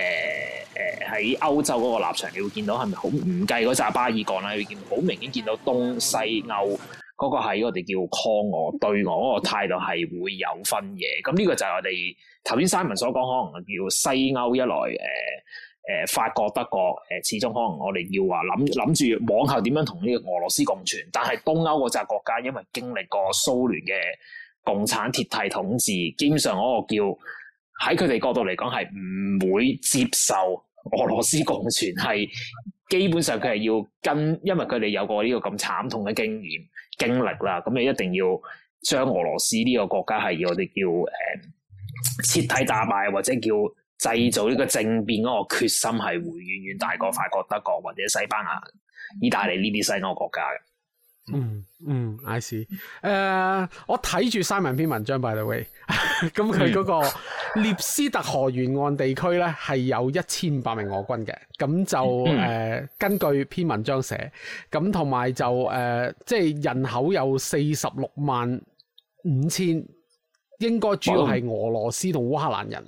喺歐洲嗰個立場，你會見到係咪好唔計嗰扎巴爾幹啦？你會見好明顯見到東西歐嗰、那個係我哋叫抗俄對俄嗰、那個態度係會有分嘢。咁呢個就係我哋頭先 Simon 所講，可能叫西歐一來誒。呃誒、呃，法國、德國，誒、呃，始終可能我哋要話諗諗住往後點樣同呢個俄羅斯共存，但係東歐嗰隻國家，因為經歷過蘇聯嘅共產鐵蹄統治，基本上嗰個叫喺佢哋角度嚟講係唔會接受俄羅斯共存，係基本上佢係要跟，因為佢哋有過呢個咁慘痛嘅經驗經歷啦，咁你一定要將俄羅斯呢個國家係要我哋叫誒、呃、徹底打敗，或者叫。製造呢個政變嗰個決心係會遠遠大過法國、德國或者西班牙、意大利呢啲西歐國家嘅、嗯。嗯嗯，I see。uh, 誒，我睇住 Simon 篇文章 by the way，咁佢嗰個涅斯特河沿岸地區咧係有一千五百名俄軍嘅。咁就誒，uh, 根據篇文章寫，咁同埋就誒，uh, 即係人口有四十六萬五千，應該主要係俄羅斯同烏克蘭人。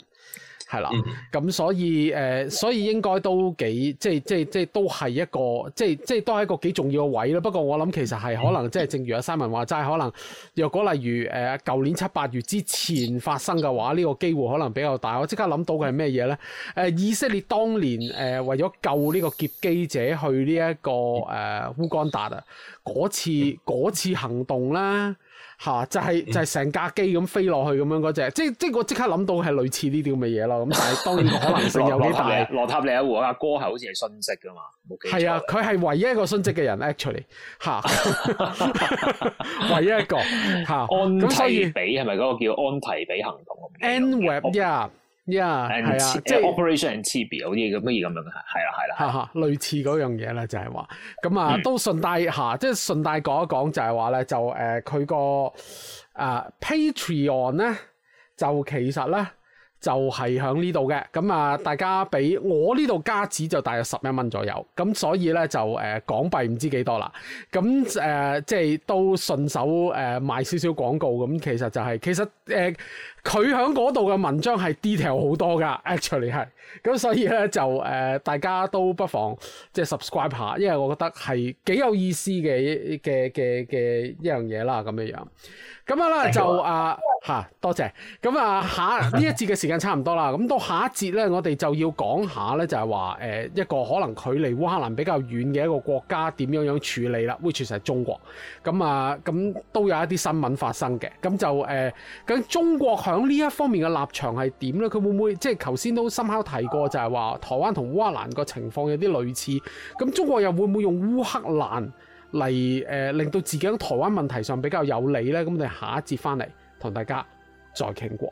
係啦，咁所以誒、呃，所以應該都幾，即係即係即係都係一個，即係即係都係一個幾重要嘅位咯。不過我諗其實係可能，即係正如阿 Simon 話齋，可能若果例如誒舊、呃、年七八月之前發生嘅話，呢、這個機會可能比較大。我即刻諗到嘅係咩嘢咧？誒、呃，以色列當年誒、呃、為咗救呢個劫機者去呢、這、一個誒、呃、烏干達啊，嗰次嗰次行動啦。吓、啊，就係、是、就係、是、成架機咁飛落去咁樣嗰隻，即即我即刻諗到係類似呢啲咁嘅嘢咯。咁但係當然可能性有幾大。羅 塔利，羅塔利和啊，胡啊哥係好似係殉職噶嘛，係啊，佢係唯一一個殉職嘅人。actually，吓，唯一一個吓。啊、安提比係咪嗰個叫安提比行動 ？NWeb h Yeah.、yeah. 呀，係啊，即係 operation and r 好似咁乜嘢咁樣嘅，係啦，係啦、like yeah, yeah, yeah, yeah.，嚇 嚇，類似嗰樣嘢啦，就係話，咁啊，都順帶下，即係順帶講一講，就係話咧，就誒佢個啊 Patreon 咧，就其實咧。就係響呢度嘅，咁啊，大家俾我呢度加紙就大約十一蚊左右，咁所以咧就誒、呃、港幣唔知幾多啦，咁誒、呃、即係都順手誒賣、呃、少少廣告，咁其實就係、是、其實誒佢響度嘅文章係 detail 好多噶，actually 係。咁所以咧就誒、呃、大家都不妨即係 subscribe 下，因為我覺得係幾有意思嘅嘅嘅嘅一樣嘢啦，咁樣樣咁啊啦就啊吓、呃、 多謝咁啊下呢一節嘅時間。差唔多啦，咁到下一節咧，我哋就要講下咧，就係話誒一個可能距離烏克蘭比較遠嘅一個國家點樣樣處理啦。which is 係中國？咁啊，咁都有一啲新聞發生嘅。咁就誒，呃、究竟中國響呢一方面嘅立場係點咧？佢會唔會即係頭先都深刻提過就，就係話台灣同烏克蘭個情況有啲類似。咁中國又會唔會用烏克蘭嚟誒、呃、令到自己喺台灣問題上比較有利咧？咁我哋下一節翻嚟同大家再傾過。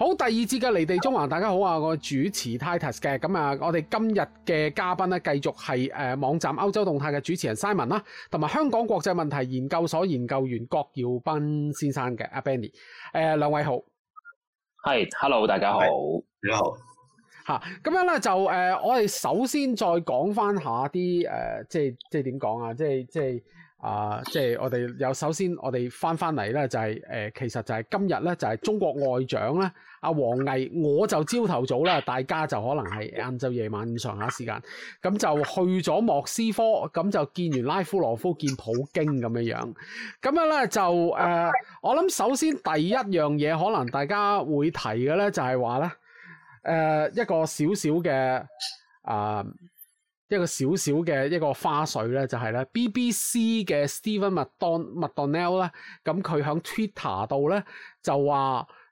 好，第二節嘅離地縱橫，大家好啊！我係主持 Titus 嘅，咁啊，我哋今日嘅嘉賓咧，繼續係誒網站歐洲動態嘅主持人 Simon 啦，同埋香港國際問題研究所研究員郭耀斌先生嘅阿 Benny，誒兩、呃、位好，係，Hello，大家好，是你好，吓、啊，咁樣咧就誒、呃，我哋首先再講翻下啲誒、呃，即係即係點講啊？即係即係啊！即係、呃、我哋有首先我哋翻翻嚟咧，就係、是、誒、呃，其實就係今日咧，就係、是、中國外長咧。阿王毅，我就朝頭早啦，大家就可能係晏晝夜晚咁上下時間，咁就去咗莫斯科，咁就見完拉夫羅夫，見普京咁樣樣，咁樣咧就誒、呃，我諗首先第一樣嘢可能大家會提嘅咧，就係話咧，誒、呃、一個小小嘅啊、呃、一個小小嘅一個花絮咧，就係、是、咧 BBC 嘅 Steven McDon McDonnell 咧，咁佢喺 Twitter 度咧就話。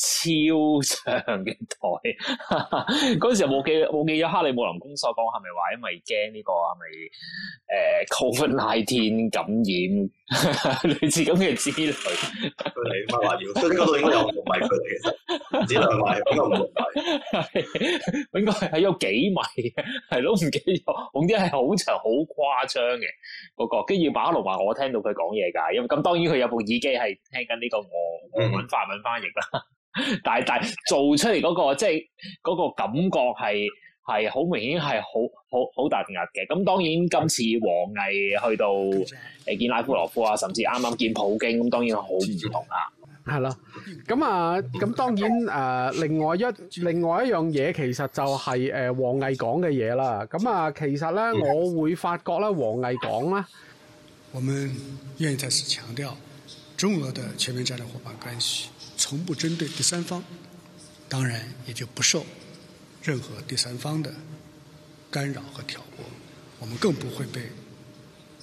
超長嘅台，嗰陣時冇記冇記咗克里姆林宮所講係咪話因為驚呢個係咪誒 COVID-19 感染，呵呵類似咁嘅之類。你乜話要？嗰啲嗰度應該、就是、有五米距離，其實唔知兩米，應該五米，應該係有幾米嘅，係咯，唔記得咗。總之係好長、好誇張嘅嗰、那個，跟住馬克龍話我聽到佢講嘢㗎，因為咁當然佢有部耳機係聽緊呢、這個，我揾、我法文翻譯啦。嗯 但係但係做出嚟嗰，那個即係嗰個感覺係係好明顯係好好好突兀嘅。咁、嗯、當然今次王毅去到誒見拉夫羅夫啊，甚至啱啱見普京，咁、嗯、當然好唔同啦。係咯，咁啊，咁、啊、當然誒、啊，另外一另外一樣嘢，其實就係誒王毅講嘅嘢啦。咁啊，其實咧、嗯、我會發覺咧王毅講啦，我們願意再次強調中俄的全面戰略伙伴關係。從不針對第三方，當然也就不受任何第三方的干擾和挑撥。我們更不會被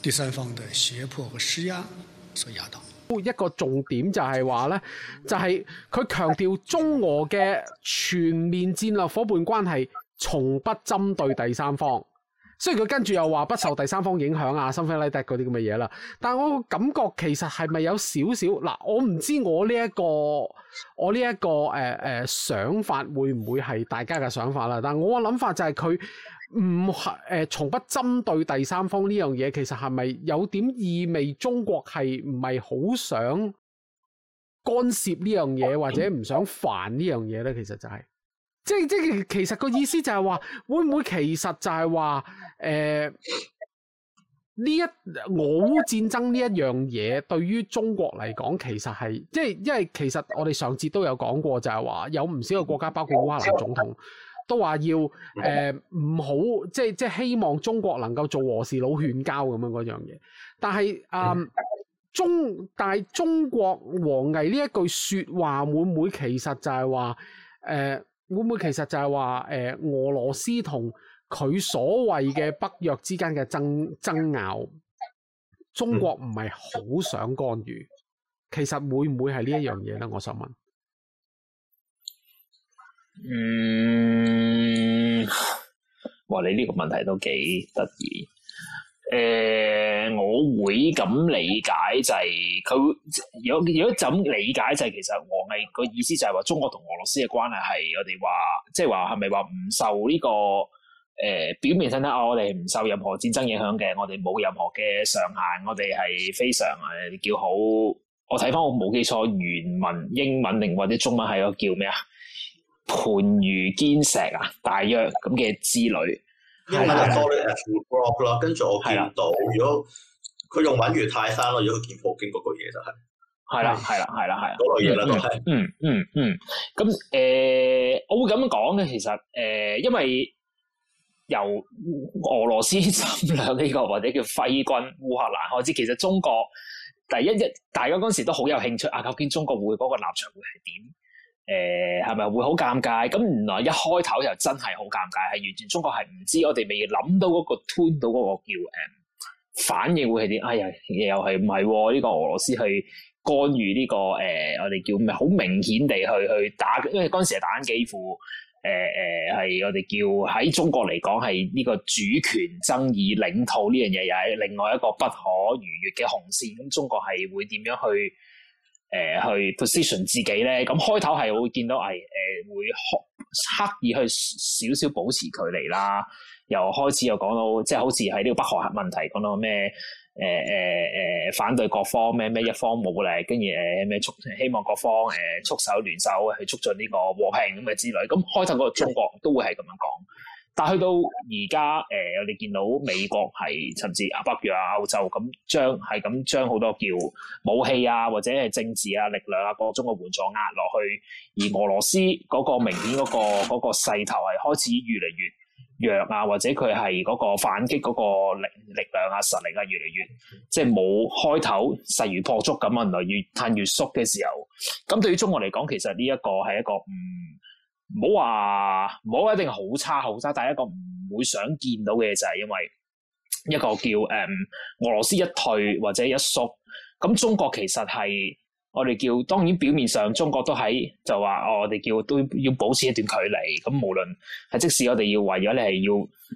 第三方的脅迫和施壓所壓倒。一個重點就係話呢就係佢強調中俄嘅全面戰略伙伴關係，從不針對第三方。雖然佢跟住又話不受第三方影響啊、新 o 拉 e 嗰啲咁嘅嘢啦，但我感覺其實係咪有少少嗱？我唔知我呢、這、一個我呢、這、一個誒誒、呃、想法會唔會係大家嘅想法啦？但係我嘅諗法就係佢唔係誒從不針對第三方呢樣嘢，其實係咪有點意味中國係唔係好想干涉呢樣嘢或者唔想煩呢樣嘢咧？其實就係、是。即係即係其實個意思就係話，會唔會其實就係話，誒、呃、呢一俄烏戰爭呢一樣嘢，對於中國嚟講，其實係即係因為其實我哋上次都有講過就，就係話有唔少嘅國家，包括烏克蘭總統，都話要誒唔、呃、好，即係即係希望中國能夠做和事佬勸交咁樣嗰樣嘢。但係啊、呃嗯、中，但係中國王毅呢一句説話，會唔會其實就係話誒？呃會唔會其實就係話誒俄羅斯同佢所謂嘅北約之間嘅爭爭拗，中國唔係好想干預，其實會唔會係呢一樣嘢咧？我想問。嗯，哇！你呢個問題都幾得意。誒、呃，我會咁理解就係、是、佢有有一種理解就係、是、其實王毅個意思就係話中國同俄羅斯嘅關係係我哋話即係話係咪話唔受呢、這個誒、呃、表面睇睇啊，我哋係唔受任何戰爭影響嘅，我哋冇任何嘅上限，我哋係非常誒叫好。我睇翻我冇記錯原文英文定或者中文係個叫咩啊？盤如堅石啊，大約咁嘅之類。因為就多啲 f l o c 跟住我見到的如如，如果佢用「穩如泰山咯，如果佢見普京嗰個嘢就係、是，係啦係啦係啦係，嗰類嘢啦、嗯、都係是、嗯。嗯嗯嗯，咁、嗯、誒、嗯嗯嗯嗯嗯嗯呃，我會咁樣講嘅，其實誒、呃，因為由俄羅斯侵略呢、這個或者叫揮軍烏克蘭開始，我知其實中國第一日，大家嗰時都好有興趣啊，究竟中國會嗰個立場會係點？誒係咪會好尷尬？咁原來一開頭又真係好尷尬，係完全中國係唔知，我哋未諗到嗰、那個 turn 到嗰個叫誒、嗯、反應會係點？哎呀，又係唔係？呢、哦這個俄羅斯去干預呢、這個誒、呃，我哋叫咩？好明顯地去去打，因為嗰陣時打緊幾乎誒誒係我哋叫喺中國嚟講係呢個主權爭議領土呢樣嘢，又係另外一個不可逾越嘅紅線。咁、嗯、中國係會點樣去？誒、呃，去 position 自己咧，咁、嗯、開頭係會見到，誒，誒，會刻意去少少保持距離啦，又開始又講到，即係好似喺呢個北韓核問題，講到咩，誒誒誒，反對各方咩咩一方冇，咧，跟住誒咩促，希望各方誒、呃、束手聯手去促進呢個和平咁嘅之類，咁、嗯、開頭嗰個中國都會係咁樣講。但去到而家，誒、呃，我哋見到美國係甚至啊北約啊歐洲咁將係咁將好多叫武器啊或者係政治啊力量啊各種嘅援助壓落去，而俄羅斯嗰個明顯嗰、嗰個嗰、嗰個勢頭係開始越嚟越弱啊，或者佢係嗰個反擊嗰個力力量啊實力啊越嚟越即係冇開頭勢如破竹咁啊，越嚟越退越縮嘅時候，咁對於中國嚟講，其實呢一個係一個唔～、嗯唔好話唔好一定好差好差，但係一個唔會想見到嘅就係，因為一個叫誒俄羅斯一退或者一縮，咁中國其實係我哋叫，當然表面上中國都係就話、哦、我哋叫都要保持一段距離，咁無論係即使我哋要為咗你係要誒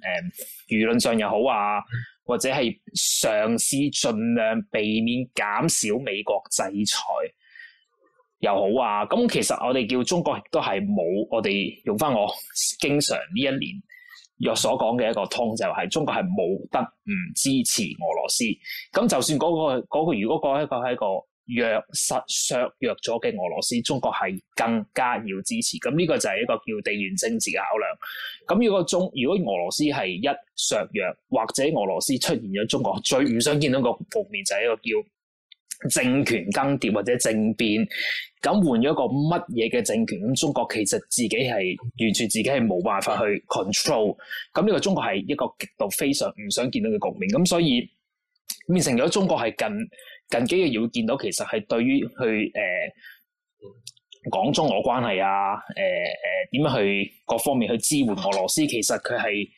輿論上又好啊，或者係嘗試盡量避免減少美國制裁。又好啊，咁其實我哋叫中國亦都係冇，我哋用翻我經常呢一年若所講嘅一個通，就係中國係冇得唔支持俄羅斯，咁就算嗰、嗰個、嗰個、如果講一個係一個弱失削弱咗嘅俄羅斯，中國係更加要支持，咁呢個就係一個叫地緣政治嘅考量。咁如果中，如果俄羅斯係一削弱或者俄羅斯出現咗，中國最唔想見到個局面就係一個叫。政權更迭或者政變，咁換咗一個乜嘢嘅政權？咁中國其實自己係完全自己係冇辦法去 control。咁呢個中國係一個極度非常唔想見到嘅局面。咁所以變成咗中國係近近幾日要見到，其實係對於去誒講、呃、中俄關係啊，誒誒點樣去各方面去支援俄羅斯，其實佢係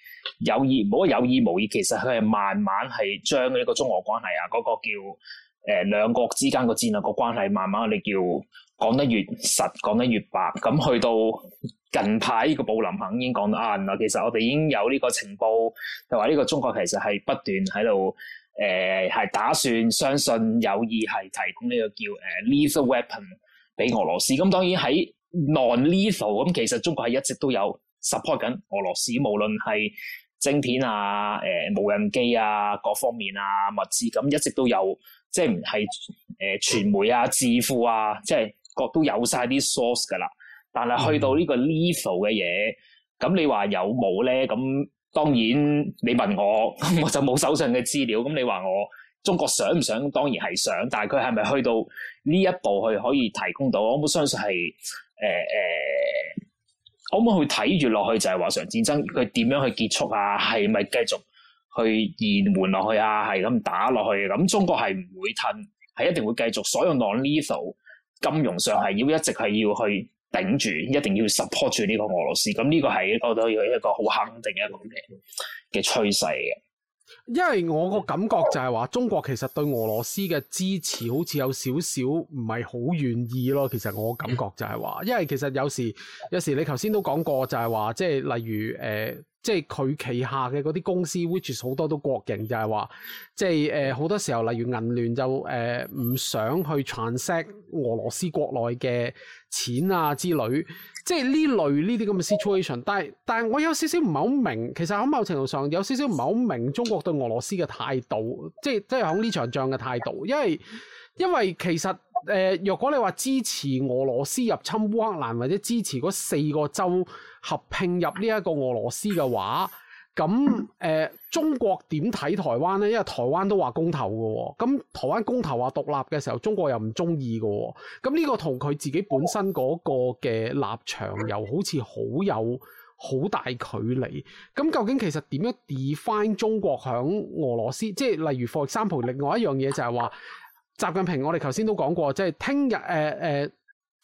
有意，唔好話有意無意，其實佢係慢慢係將呢個中俄關係啊嗰、嗰個叫。誒兩國之間個戰略個關係慢慢你叫講得越實，講得越白。咁去到近排呢個布林肯已經講得啱啦。其實我哋已經有呢個情報，就話呢個中國其實係不斷喺度誒係打算，相信有意係提供呢個叫誒 lethal weapon 俾俄羅斯。咁當然喺 non-lethal 咁其實中國係一直都有 support 緊俄羅斯，無論係晶片啊、誒、呃、無人機啊各方面啊物資，咁一直都有。即係唔係誒，呃、傳媒啊、智庫啊，即係各都有晒啲 source 噶啦。但係去到呢個 level 嘅嘢，咁你話有冇咧？咁當然你問我，我就冇手上嘅資料。咁你話我中國想唔想？當然係想，但係佢係咪去到呢一步去可以提供到？我唔相信係誒誒，可唔可以去睇住落去？就係話場戰爭佢點樣去結束啊？係咪繼續？去延緩落去啊，係咁打落去，咁、嗯、中國係唔會褪，係一定會繼續所有 non-lethal 金融上係要一直係要去頂住，一定要 support 住呢個俄羅斯，咁、嗯、呢、這個係我都要一個好肯定一個嘅嘅趨勢嘅。因為我個感覺就係話，中國其實對俄羅斯嘅支持好似有少少唔係好願意咯。其實我感覺就係話，因為其實有時有時你頭先都講過就係話，即係例如誒，即係佢旗下嘅嗰啲公司，which is 好多都國營，就係話，即係誒好多時候，例如銀聯就誒唔想去 transact 俄羅斯國內嘅錢啊之類。即係呢類呢啲咁嘅 situation，但係但係我有少少唔係好明，其實喺某程度上有少少唔係好明中國對俄羅斯嘅態度，即係即係喺呢場仗嘅態度，因為因為其實誒，若果你話支持俄羅斯入侵烏克蘭，或者支持嗰四個州合併入呢一個俄羅斯嘅話。咁誒、呃，中國點睇台灣呢？因為台灣都話公投嘅喎，咁台灣公投話獨立嘅時候，中國又唔中意嘅喎。咁呢個同佢自己本身嗰個嘅立場又好似好有好大距離。咁究竟其實點樣 define 中國喺俄羅斯？即係例如 for example，另外一樣嘢就係話習近平，我哋頭先都講過，即係聽日誒誒。呃呃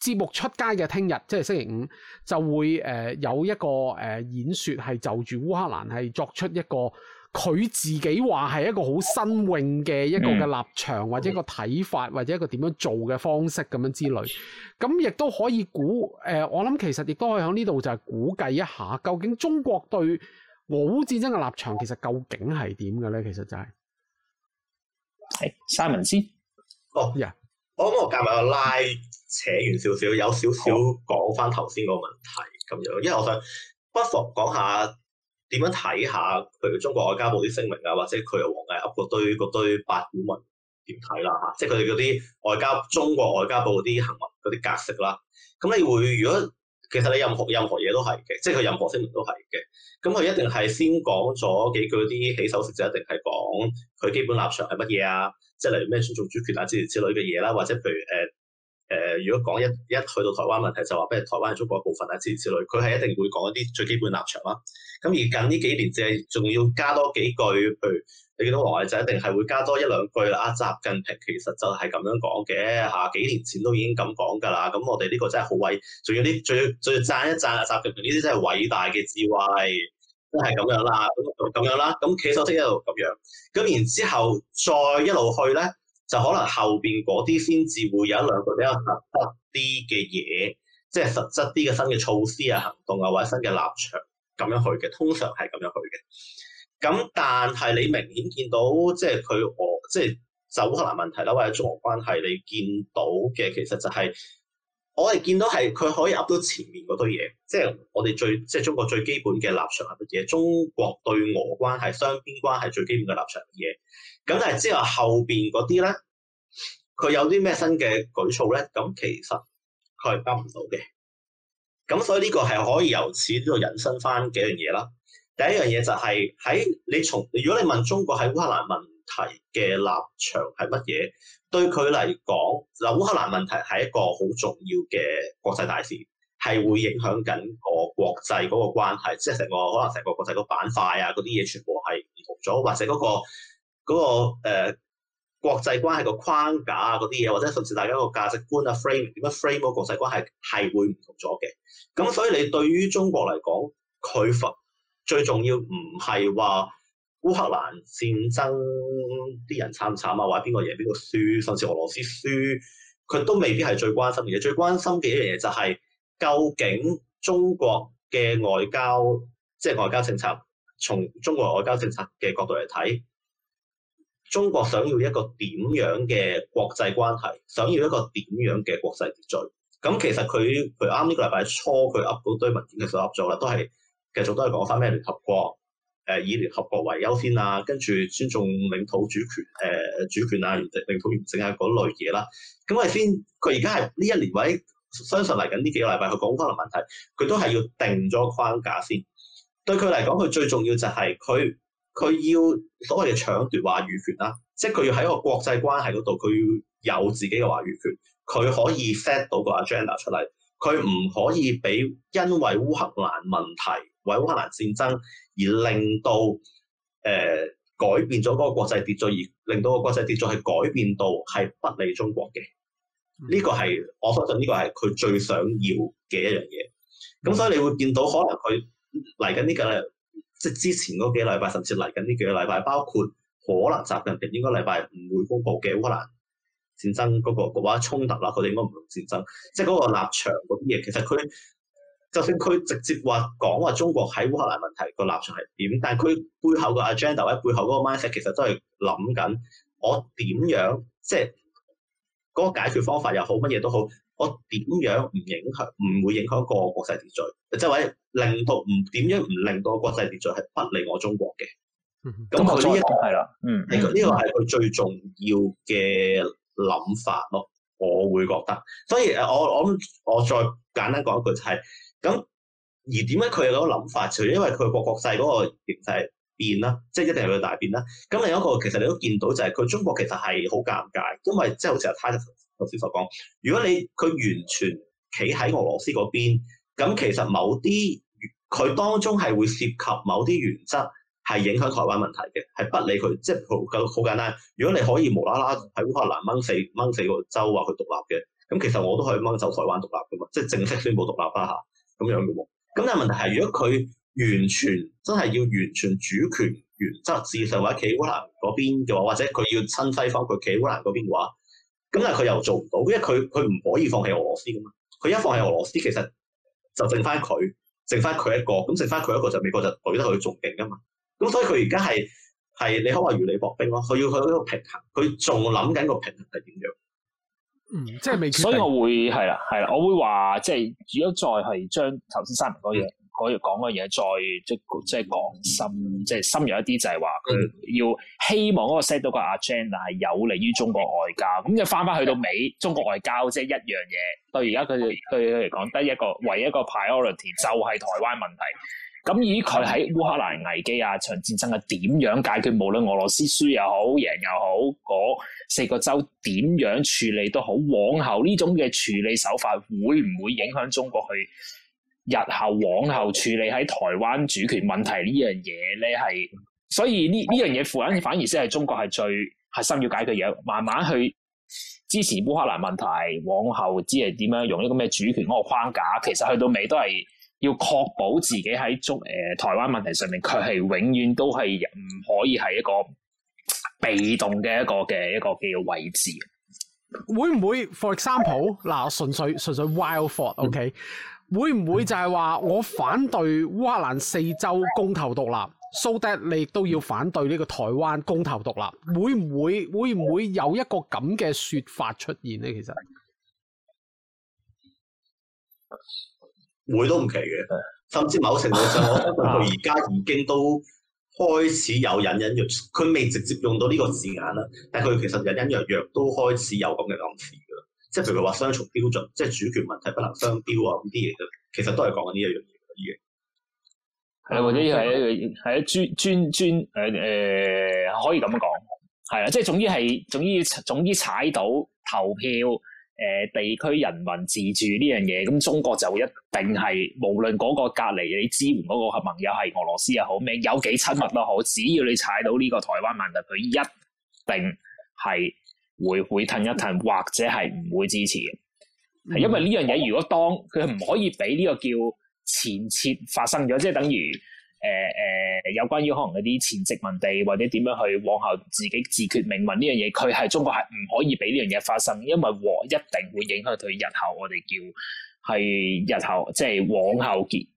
節目出街嘅聽日，即係星期五就會誒、呃、有一個誒、呃、演説，係就住烏克蘭係作出一個佢自己話係一個好新穎嘅一個嘅立場，嗯、或者一個睇法，或者一個點樣做嘅方式咁樣之類。咁亦都可以估誒、呃，我諗其實亦都可以喺呢度就係估計一下，究竟中國對俄烏戰爭嘅立場其實究竟係點嘅咧？其實就係、是，係 Simon 先，哦，呀，我冇夾埋個 line。扯完少少，有少少講翻頭先個問題咁樣，因為我想不妨講下點樣睇下，譬如中國外交部啲聲明啊，或者佢王毅噏嗰堆嗰堆八股文點睇啦嚇，即係佢哋嗰啲外交、中國外交部嗰啲行為嗰啲格式啦。咁你會如果其實你任何任何嘢都係嘅，即係佢任何聲明都係嘅。咁佢一定係先講咗幾句啲起手式就一定係講佢基本立場係乜嘢啊，即係例如咩尊重主權啊之類之類嘅嘢啦，或者譬如誒。呃誒，如果講一一去到台灣問題，就話俾人台灣係中國一部分啊之之類，佢係一定會講一啲最基本立場啦。咁而近呢幾年，只係仲要加多幾句，譬如你見到黃偉仔，一定係會加多一兩句啦。習近平其實就係咁樣講嘅，嚇幾年前都已經咁講㗎啦。咁我哋呢個真係好偉，仲有啲最最讚一讚習近平呢啲真係偉大嘅智慧，真係咁樣啦，咁樣啦，咁企坐式一路咁樣，咁然之後再一路去咧。就可能後邊嗰啲先至會有一兩個比較特別啲嘅嘢，即係實質啲嘅新嘅措施啊、行動啊，或者新嘅立場咁樣去嘅，通常係咁樣去嘅。咁但係你明顯見到，即係佢我即係走烏克蘭問題啦，或者中國關係，你見到嘅其實就係、是。我哋見到係佢可以 up 到前面嗰堆嘢，即係我哋最即係中國最基本嘅立場嘅嘢，中國對俄關係雙邊關係最基本嘅立場嘅嘢。咁但係之後後邊嗰啲咧，佢有啲咩新嘅舉措咧？咁其實佢係 up 唔到嘅。咁所以呢個係可以由此呢度引申翻幾樣嘢啦。第一樣嘢就係、是、喺你從如果你問中國喺烏克蘭問。提嘅立場係乜嘢？對佢嚟講，嗱烏克蘭問題係一個好重要嘅國際大事，係會影響緊個，個國際嗰個關係，即係成個可能成個國際個板塊啊，嗰啲嘢全部係唔同咗，或者嗰、嗰個嗰、嗰個誒、呃、國際關係個框架啊，嗰啲嘢，或者甚至大家個價值觀啊，frame 點樣 frame 嗰個國際關係係會唔同咗嘅。咁所以你對於中國嚟講，佢最重要唔係話。烏克蘭戰爭啲人慘唔慘啊？或者邊個贏邊個輸？甚至俄羅斯輸，佢都未必係最關心，而最關心嘅一樣嘢就係、是，究竟中國嘅外交，即係外交政策，從中國外交政策嘅角度嚟睇，中國想要一個點樣嘅國際關係，想要一個點樣嘅國際秩序。咁其實佢佢啱呢個禮拜初，佢 up 堆文件其實 up 咗啦，都係繼續都係講返咩聯合國。誒以聯合國為優先啦，跟住尊重領土主權誒、呃、主權啊，領土完整啊嗰類嘢啦。咁、嗯、我哋先，佢而家係呢一年位，相信嚟緊呢幾個禮拜佢講可能問題，佢都係要定咗框架先。對佢嚟講，佢最重要就係佢佢要所謂搶奪話語權啦，即係佢要喺個國際關係嗰度，佢要有自己嘅話語權，佢可以 set 到個 agenda 出嚟，佢唔可以俾因為烏克蘭問題。為烏克蘭戰爭而令到誒、呃、改變咗嗰個國際秩序，而令到個國際秩序係改變到係不利中國嘅。呢、呢個係我相信呢個係佢最想要嘅一樣嘢。咁所以你會見到可能佢嚟緊呢個即係之前嗰幾個禮拜，甚至嚟緊呢幾個禮拜，包括可能習近平應該禮拜唔會公布嘅烏克蘭戰爭嗰、嗰個國家衝突啦，佢哋應該唔用戰爭，即係嗰個立場嗰啲嘢，其實佢。就算佢直接話講話中國喺烏克蘭問題個立場係點，但係佢背後個 agenda 或者背後嗰個 mindset 其實都係諗緊我點樣，即係嗰個解決方法又好，乜嘢都好，我點樣唔影響，唔會影響個國際秩序，即係話令到唔點樣唔令到國際秩序係不利我中國嘅。咁佢呢個係啦，嗯，呢、嗯呢個係佢、嗯嗯嗯、最重要嘅諗法咯，我會覺得。所以誒，我我我再簡單講一句就係、是。咁而點解佢有嗰個諗法？就因為佢個國際嗰個形勢變啦，即係一定係會大變啦。咁另一個其實你都見到就係佢中國其實係好尷尬，因為即係好似阿 Titus 頭先所講，如果你佢完全企喺俄羅斯嗰邊，咁其實某啲佢當中係會涉及某啲原則係影響台灣問題嘅，係不理佢，即係好好簡單。如果你可以無啦啦喺烏克蘭掹四掹四個州話佢獨立嘅，咁其實我都可以掹走台灣獨立噶嘛，即係正式宣布獨立啦嚇。咁樣嘅喎，咁但係問題係，如果佢完全真係要完全主權原則至上，或者企烏蘭嗰邊嘅話，或者佢要親西方，佢企烏蘭嗰邊嘅話，咁但係佢又做唔到，因為佢佢唔可以放棄俄羅斯㗎嘛。佢一放棄俄羅斯，其實就剩翻佢，剩翻佢一個，咁剩翻佢一個就美國就舉得佢仲勁㗎嘛。咁所以佢而家係係你可話如履薄冰咯。佢要去一個平衡，佢仲諗緊個平衡係點樣。嗯，即係未，所以我會係啦，係啦，我會話即係，如果再係將頭先三唔多嘢，講嘅嘢再即即係講深，嗯、即係深入一啲，就係話佢要希望嗰個 set 到個 agenda 係有利於中國外交。咁就翻翻去到美，嗯、中國外交即係、就是、一樣嘢，到而家佢佢嚟講得一個唯一一個 priority 就係台灣問題。咁以佢喺烏克蘭危機啊、場戰爭係點樣解決，無論俄羅斯輸又好、贏又好，嗰四個州點樣處理都好，往後呢種嘅處理手法會唔會影響中國去日後往後處理喺台灣主權問題呢樣嘢咧？係所以呢呢樣嘢，副引反而先係中國係最核心要解決嘢，慢慢去支持烏克蘭問題，往後只係點樣用呢個咩主權嗰個框架，其實去到尾都係。要確保自己喺中誒台灣問題上面，佢係永遠都係唔可以係一個被動嘅一個嘅一個嘅位置。會唔會 For example，嗱、啊、純粹純粹 wild thought，OK？、Okay？嗯、會唔會就係話我反對烏克蘭四州公投獨立，蘇丹亦都要反對呢個台灣公投獨立？會唔會會唔會有一個咁嘅説法出現呢？其實？會都唔奇嘅，甚至某程度上， 我覺得佢而家已經都開始有隱隱約，佢未直接用到呢個字眼啦，但係佢其實隱隱約約都開始有咁嘅暗示噶啦，即係譬如話雙重標準，即係主權問題不能雙標啊，呢啲嘢就其實都係講緊呢一樣嘢。係或者係係專專專誒誒，可以咁講，係啊，即係總之係總之總之踩到投票。誒地區人民自主呢樣嘢，咁中國就一定係無論嗰個隔離你支援嗰個盟友係俄羅斯又好咩，有幾親密都好，只要你踩到呢個台灣問題，佢一定係會會褪一褪，嗯、或者係唔會支持嘅，嗯、係因為呢樣嘢如果當佢唔可以俾呢個叫前設發生咗，即係等於。誒誒、呃，有關於可能嗰啲前殖民地或者點樣去往後自己自決命運呢樣嘢，佢係中國係唔可以俾呢樣嘢發生，因為和、呃、一定會影響佢日後我哋叫係日後即係往後結誒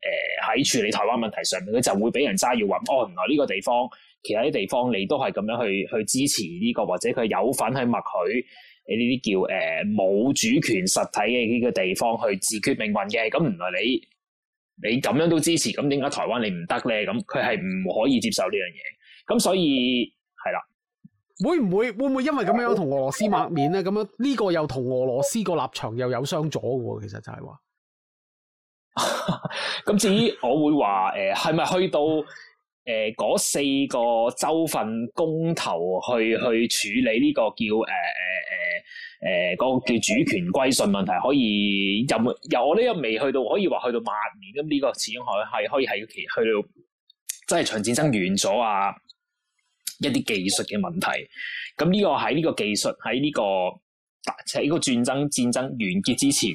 喺處理台灣問題上面，佢就會俾人揸，要話，哦，原來呢個地方，其他啲地方你都係咁樣去去支持呢、呢個，或者佢有份去默許你呢啲叫誒冇、呃、主權實體嘅呢個地方去自決命運嘅，咁原來你。你咁樣都支持，咁點解台灣你唔得咧？咁佢係唔可以接受呢樣嘢，咁所以係啦。會唔會會唔會因為咁樣同俄羅斯抹面咧？咁我樣呢個又同俄羅斯個立場又有相左嘅喎。其實就係話，咁 至於我會話誒，係咪 去到？誒，嗰、呃、四個州份公投去去處理呢個叫誒誒誒誒，呃呃呃那個叫主權歸屬問題，可以任由，由我呢個未去到，可以話去到八年咁，呢個始終係係可以喺要期去到，即係長戰爭完咗啊，一啲技術嘅問題。咁呢、這個喺呢個技術喺呢個喺、這個戰爭戰爭完結之前，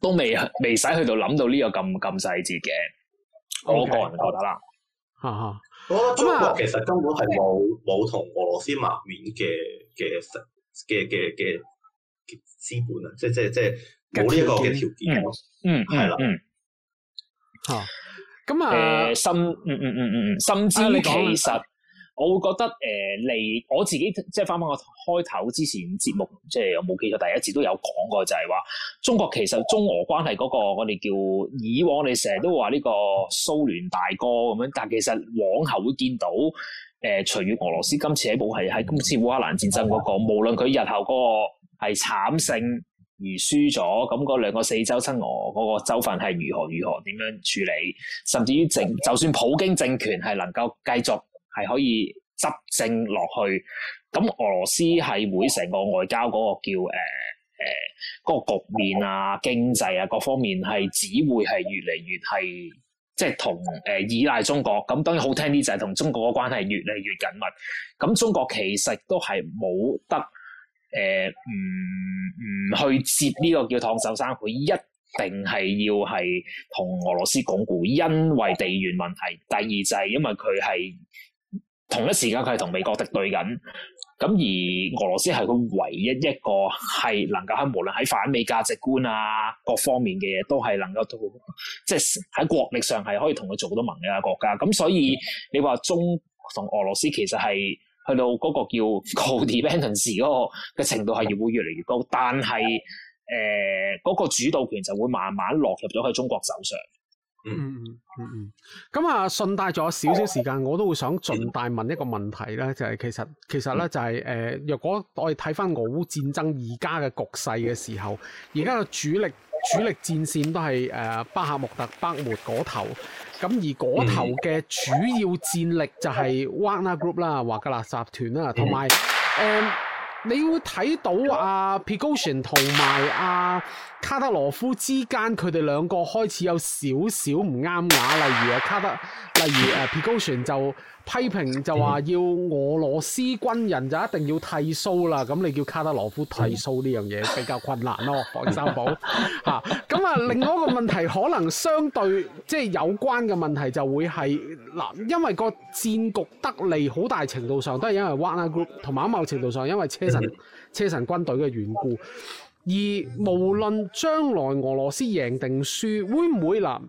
都未未使去到諗到呢個咁咁細節嘅。我個人覺得啦。Okay. 啊哈！我覺得中國其實根本係冇冇同俄羅斯抹面嘅嘅嘅嘅嘅資本啊！即係即係即係冇呢一個嘅條件。條件嗯，係、嗯、啦、嗯。嗯。啊，咁啊，啊甚嗯嗯嗯嗯嗯，甚至講、啊。我會覺得誒嚟、呃、我自己即係翻返個開頭之前節目，即係我冇記錯第一節都有講過就，就係話中國其實中俄關係嗰、嗰個我哋叫以往我哋成日都話呢個蘇聯大哥咁樣，但其實往後會見到誒，隨、呃、住俄羅斯今次喺部係喺今次烏克蘭戰爭嗰、嗰個，無論佢日後嗰個係慘勝而輸咗，咁嗰兩個四周親俄嗰個州份係如何如何點樣處理，甚至於政就算普京政權係能夠繼續，係可以執政落去，咁俄羅斯係會成個外交嗰個叫誒誒個嗰局面啊、經濟啊各方面係只會係越嚟越係即係同誒、呃、依賴中國。咁當然好聽啲就係同中國嘅關係越嚟越緊密。咁中國其實都係冇得誒唔唔去接呢個叫燙手山芋，一定係要係同俄羅斯鞏固，因為地緣問題。第二就係因為佢係。同一時間佢係同美國敵對緊，咁而俄羅斯係佢唯一一個係能夠喺無論喺反美價值觀啊各方面嘅嘢都係能夠到，即係喺國力上係可以同佢做到盟友嘅國家。咁所以你話中同俄羅斯其實係去到嗰個叫 coalition 時嗰個嘅程度係會越嚟越高，但係誒嗰個主導權就會慢慢落入咗喺中國手上。嗯嗯嗯嗯，咁、嗯、啊，順帶仲有少少時間，我都會想盡大問一個問題咧，就係、是、其實其實咧就係、是、誒，若、呃、果我哋睇翻俄烏戰爭而家嘅局勢嘅時候，而家嘅主力主力戰線都係誒、呃、巴赫穆特巴末嗰頭，咁而嗰頭嘅主要戰力就係 Wagner Group 啦，瓦格納集團啦，同埋誒，嗯你會睇到啊 Pigoshin 同埋、啊、阿卡德羅夫之間，佢哋兩個開始有少少唔啱眼，例如阿、啊、卡德，例如誒、啊、Pigoshin 就批評就話要俄羅斯軍人就一定要剃鬚啦，咁你叫卡德羅夫剃鬚呢樣嘢比較困難咯、哦，黃生寶吓。咁啊，啊另外一個問題可能相對即係有關嘅問題就會係嗱，因為個戰局得利好大程度上都係因為 One Group，同埋某程度上因為車。車神、車神軍隊嘅緣故，而無論將來俄羅斯贏定輸，會唔會嗱？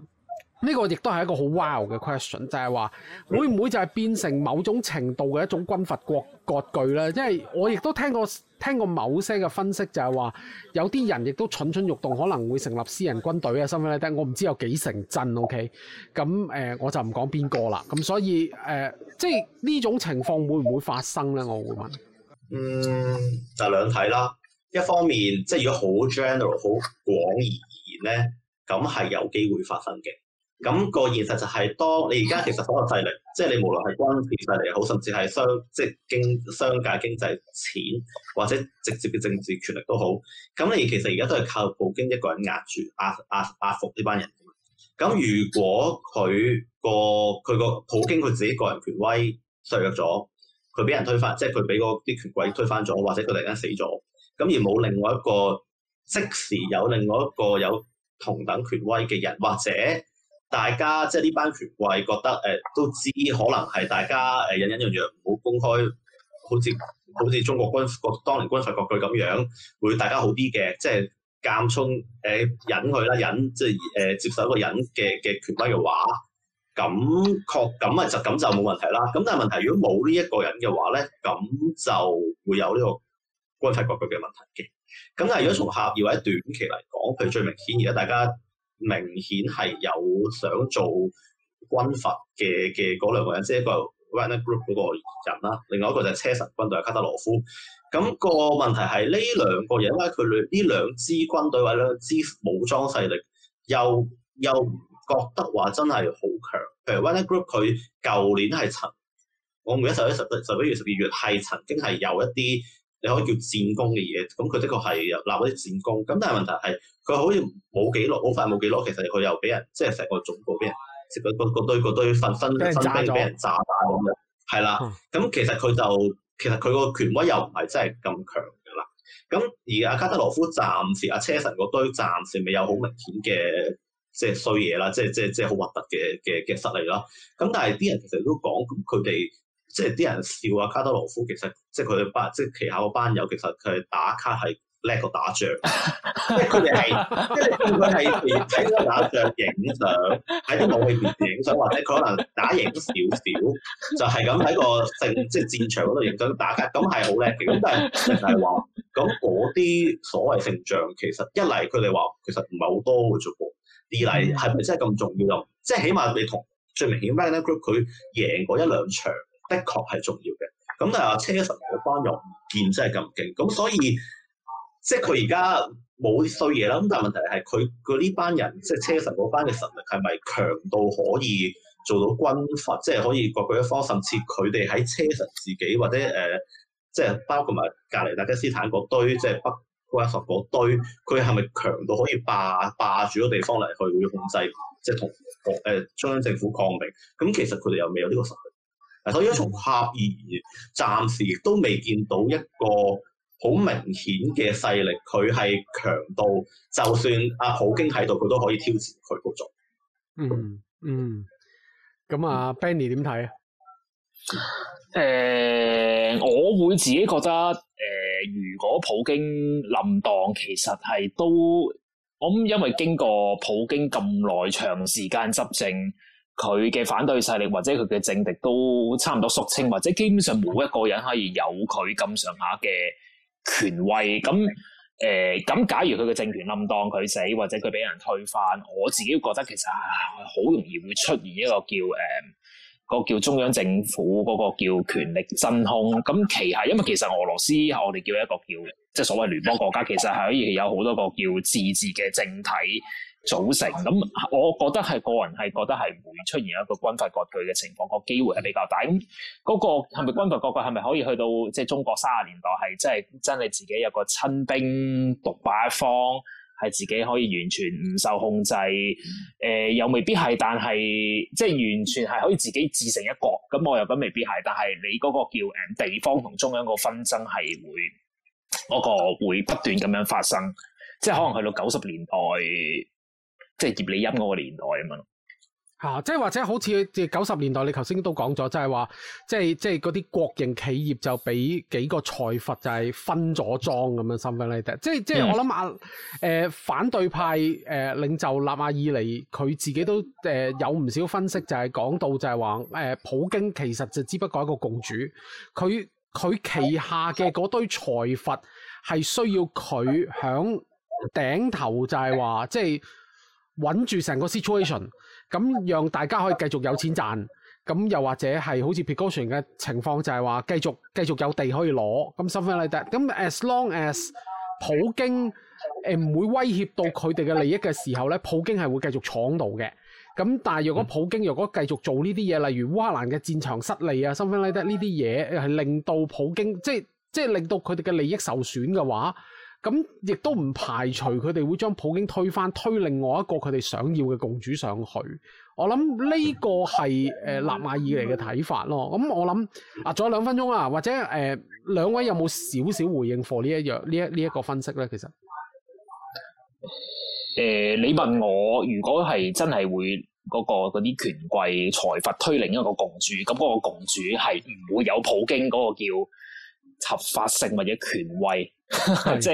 呢、這個亦都係一個好 wow 嘅 question，就係話會唔會就係變成某種程度嘅一種軍閥割據呢？即係我亦都聽過聽過某些嘅分析就，就係話有啲人亦都蠢蠢欲動，可能會成立私人軍隊啊，甚至咧，但我唔知有幾成真。OK，咁誒、呃，我就唔講邊個啦。咁所以誒、呃，即係呢種情況會唔會發生呢？我會問。嗯，就兩、是、睇啦。一方面，即係如果好 general、好廣義而言咧，咁係有機會發生嘅。咁、那個現實就係，當你而家其實所有勢力，即係你無論係軍事勢力好，甚至係商即係經商界經濟錢，或者直接嘅政治權力都好，咁你其實而家都係靠普京一個人壓住、壓壓壓服呢班人。咁如果佢個佢個普京佢自己個人權威削弱咗，佢俾人推翻，即係佢俾嗰啲權貴推翻咗，或者佢突然間死咗，咁而冇另外一個即時有另外一個有同等權威嘅人，或者大家即係呢班權貴覺得誒、呃、都知可能係大家誒隱隱約約唔好公開，好似好似中國軍國當年軍閥割據咁樣，會大家好啲嘅，即係間充誒忍佢啦，忍即係誒接受一個人嘅嘅權威嘅話。咁確咁咪就咁就冇問題啦。咁但係問題，問題如果冇呢一個人嘅話咧，咁就會有呢個軍閥割據嘅問題嘅。咁但係如果從合意或者短期嚟講，佢最明顯而家大家明顯係有想做軍閥嘅嘅嗰兩個人，即係一個 Wagner Group 嗰個人啦，另外一個就係車臣軍隊嘅卡德羅夫。咁、那個問題係呢兩個人，因為佢呢兩支軍隊或者支武裝勢力又又。又覺得話真係好強，譬如 Wagner Group 佢舊年係曾，我唔記得十一月、十二月係曾經係有一啲你可以叫戰功嘅嘢，咁佢的確係立一啲戰功。咁但係問題係佢好似冇幾耐，好快冇幾耐，其實佢又俾人即係成個總部俾人，個個堆個堆份身，新兵俾人炸咗。係啦，咁、嗯嗯、其實佢就其實佢個權威又唔係真係咁強㗎啦。咁而阿卡德羅夫暫時阿車臣嗰堆暫時未有好明顯嘅。即係衰嘢啦，即係即係即係好核突嘅嘅嘅失禮啦。咁、即係即係即係、但係啲人其實都講，佢哋即係啲人笑啊，卡多羅夫其實即係佢哋班即係旗下個班友，其實佢打卡係叻過打仗，即係佢哋係即係佢係睇到打仗影相，喺啲武器片影相，或者佢可能打贏少少，就係咁喺個勝即係戰場嗰度影相打卡，咁係好叻嘅。咁但係話咁嗰啲所謂勝仗，其實一嚟佢哋話其實唔係好多嘅啫二嚟係咪真係咁重要？又即係起碼你同最明顯 Wagner Group 佢贏過一兩場，的確係重要嘅。咁但係話車臣嗰班又唔見真係咁勁，咁所以即係佢而家冇衰嘢啦。咁但係問題係佢佢呢班人即係車臣嗰班嘅實力係咪強到可以做到軍閥？即、就、係、是、可以各據一方，甚至佢哋喺車臣自己或者誒、呃，即係包括埋隔籬達吉斯坦嗰堆，即係北。威索嗰堆，佢係咪強到可以霸霸住個地方嚟去，會控制即係同誒、呃、中央政府抗命？咁其實佢哋又未有呢個實力，所以從狹義而言，暫時亦都未見到一個好明顯嘅勢力，佢係強到就算阿普京喺度，佢都可以挑戰佢嗰種。嗯嗯，咁啊 Penny 點睇啊？誒 uh, 我會自己覺得誒。Uh 如果普京冧當，其實係都，咁、嗯、因為經過普京咁耐長時間執政，佢嘅反對勢力或者佢嘅政敵都差唔多肅清，或者基本上冇一個人可以有佢咁上下嘅權威。咁誒、咁、呃、假如佢嘅政權冧當，佢死，或者佢俾人推翻，我自己覺得其實好、啊、容易會出現一個叫誒。呃個叫中央政府，嗰、嗰個叫權力真空。咁其係因為其實俄羅斯，我哋叫一個叫即係所謂聯邦國家，其實係可以有好多個叫自治嘅政體組成。咁我覺得係個人係覺得係會出現一個軍閥割據嘅情況，嗰個機會係比較大。咁嗰個係咪軍閥割據係咪可以去到即係中國三十年代係真係真係自己有個親兵獨霸一方？係自己可以完全唔受控制，誒、呃、又未必係，但係即係完全係可以自己自成一國。咁我又覺得未必係，但係你嗰個叫誒地方同中央個紛爭係會嗰、嗰個會不斷咁樣發生，即係可能去到九十年代，即係葉利欽嗰個年代啊嘛。吓、啊，即係或者好似九十年代，你頭先都講咗，就係話，即係即係嗰啲國營企業就俾幾個財閥就係分咗贓咁樣。something like that，即係即係我諗阿誒反對派誒、呃、領袖立瓦以尼納瓦爾尼，佢自己都誒有唔少分析，就係講到就係話，誒、呃、普京其實就只不過一個共主，佢佢旗下嘅嗰堆財閥係需要佢響頂頭就係話，即係穩住成個 situation。咁讓大家可以繼續有錢賺，咁又或者係好似 Prigozhin 嘅情況，就係話繼續繼續有地可以攞，咁 something like that。咁 as long as 普京誒唔、呃、會威脅到佢哋嘅利益嘅時候咧，普京係會繼續闖度嘅。咁但係若果普京若果繼續做呢啲嘢，例如烏克蘭嘅戰場失利啊，something like that 呢啲嘢係令到普京即係即係令到佢哋嘅利益受損嘅話。咁亦都唔排除佢哋會將普京推翻，推另外一個佢哋想要嘅共主上去。我諗呢個係誒、呃、立馬以嚟嘅睇法咯。咁、嗯、我諗啊，仲有兩分鐘啊，或者誒兩、呃、位有冇少少回應霍呢一樣呢一呢一個分析咧？其實誒、呃，你問我，如果係真係會嗰、那個嗰啲權貴財閥推另一個共主，咁、那、嗰個共主係唔會有普京嗰個叫？合法性或者權威，即 係、就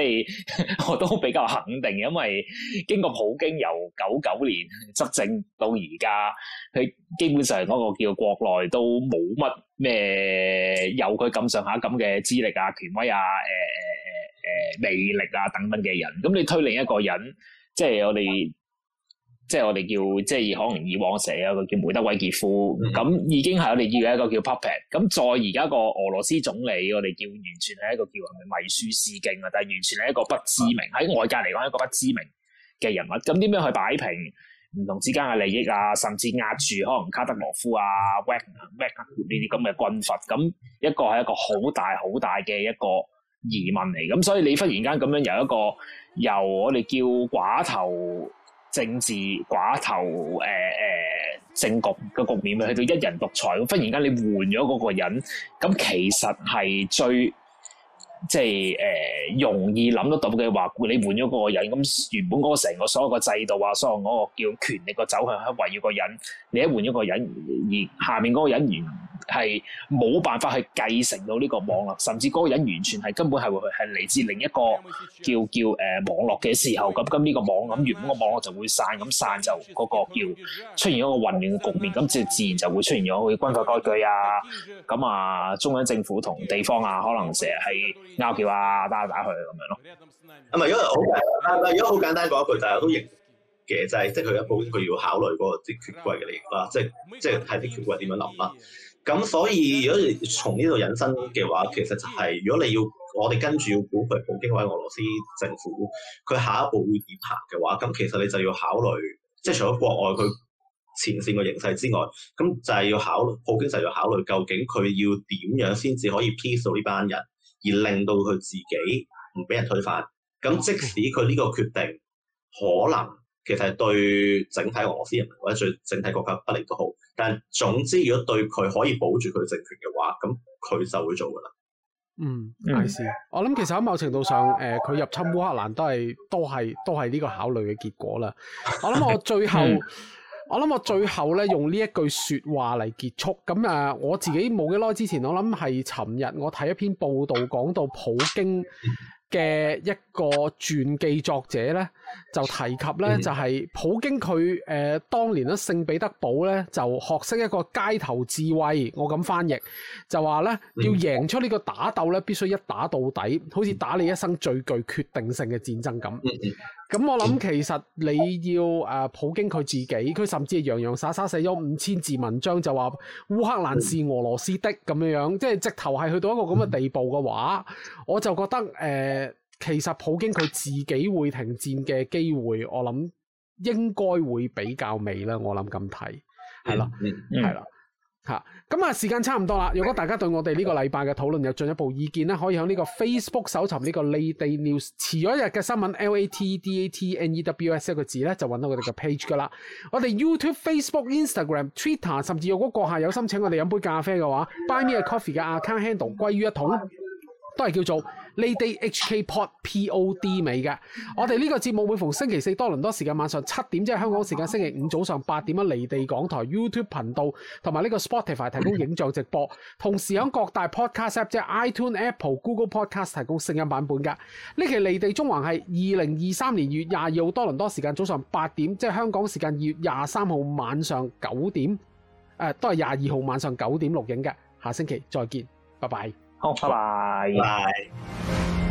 是、我都比較肯定，因為經過普京由九九年執政到而家，佢基本上嗰個叫國內都冇乜咩有佢咁上下咁嘅資歷啊、權威啊、誒誒誒誒魅力啊等等嘅人，咁你推另一個人，即、就、係、是、我哋。即係我哋叫，即係可能以往成日有、mm hmm. 一個叫梅德韋傑夫，咁已經係我哋叫一個叫 puppet。咁再而家個俄羅斯總理，我哋叫完全係一個叫係咪米舒斯京啊？但係完全係一個不知名，喺、mm hmm. 外界嚟講一個不知名嘅人物。咁點樣去擺平唔同之間嘅利益啊？甚至壓住可能卡德羅夫啊、Wagner 呢啲咁嘅軍閥。咁一個係一個好大好大嘅一個疑問嚟。咁所以你忽然間咁樣由一個由我哋叫寡頭。政治寡頭誒誒、呃呃、政局嘅局面去到一人獨裁咁，忽然間你換咗嗰個人，咁其實係最即係誒、呃、容易諗得到嘅話，你換咗嗰個人，咁原本嗰成個，個所有個制度啊，所有嗰個叫權力個走向係圍繞個人，你一換咗個人，而下面嗰個人完。係冇辦法去繼承到呢個網絡，甚至嗰個人完全係根本係會係嚟自另一個叫叫誒、呃、網絡嘅時候咁。咁呢個網咁，原本個網絡就會散，咁散就嗰個叫出現一個混亂嘅局面，咁自自然就會出現咗去軍閥割據啊，咁啊中央政府同地方啊，可能成日係拗撬啊，打打打去咁樣咯。咁咪，如果好簡單，唔講的一句，就是，就係都認嘅，就係即係佢一般佢要考慮嗰個啲權貴嘅利益啦，即係即係睇啲權貴點樣諗啦。就是咁所以，如果從呢度引申嘅話，其實就係、是、如果你要我哋跟住要估佢普京或者俄羅斯政府佢下一步會點行嘅話，咁其實你就要考慮，即係除咗國外佢前線嘅形勢之外，咁就係要考慮普京就要考慮究竟佢要點樣先至可以 peace 到呢班人，而令到佢自己唔俾人推翻。咁即使佢呢個決定可能其實係對整體俄羅斯人民或者對整體國家不利都好。但係，總之如果對佢可以保住佢嘅政權嘅話，咁佢就會做噶啦。嗯，係先、嗯。我諗其實喺某程度上，誒、呃，佢入侵烏克蘭都係，都係，都係呢個考慮嘅結果啦。我諗我最後， 嗯、我諗我最後咧用呢一句說話嚟結束。咁誒、啊，我自己冇幾耐之前，我諗係尋日我睇一篇報道，講到普京嘅一個傳記作者咧。就提及咧，嗯、就係普京佢誒、呃、當年咧聖彼得堡咧就學識一個街頭智慧，我咁翻譯就話咧、嗯、要贏出呢個打鬥咧，必須一打到底，好似打你一生最具決定性嘅戰爭咁。咁、嗯、我諗其實你要誒、呃、普京佢自己，佢甚至係洋洋灑灑寫咗五千字文章就話烏克蘭是俄羅斯的咁樣樣，嗯嗯、即係直頭係去到一個咁嘅地步嘅話，我就覺得誒。呃其實普京佢自己會停戰嘅機會，我諗應該會比較微啦。我諗咁睇，係啦，係啦，嚇。咁啊，時間差唔多啦。如果大家對我哋呢個禮拜嘅討論有進一步意見咧，可以喺呢個 Facebook 搜尋呢個 Late Date News，遲咗日嘅新聞 L A T D A T N E W S 呢個字咧，就揾到我哋嘅 page 噶啦。我哋 YouTube、Facebook、Instagram、Twitter，甚至如果閣下有心請我哋飲杯咖啡嘅話，Buy Me A Coffee 嘅 account handle 歸於一統，都係叫做。Lady HK Pod POD 美嘅。我哋呢個節目每逢星期四多倫多時間晚上七點，即係香港時間星期五早上八點，喺離地港台 YouTube 頻道同埋呢個 Spotify 提供影像直播，同時喺各大 Podcast App 即係 iTune、Apple、Google Podcasts 提供聲音版本嘅。呢期離地中環係二零二三年二月廿二號多倫多時間早上八點，即係香港時間二月廿三號晚上九點，誒都係廿二號晚上九點錄影嘅。下星期再見，拜拜。好，拜拜，oh。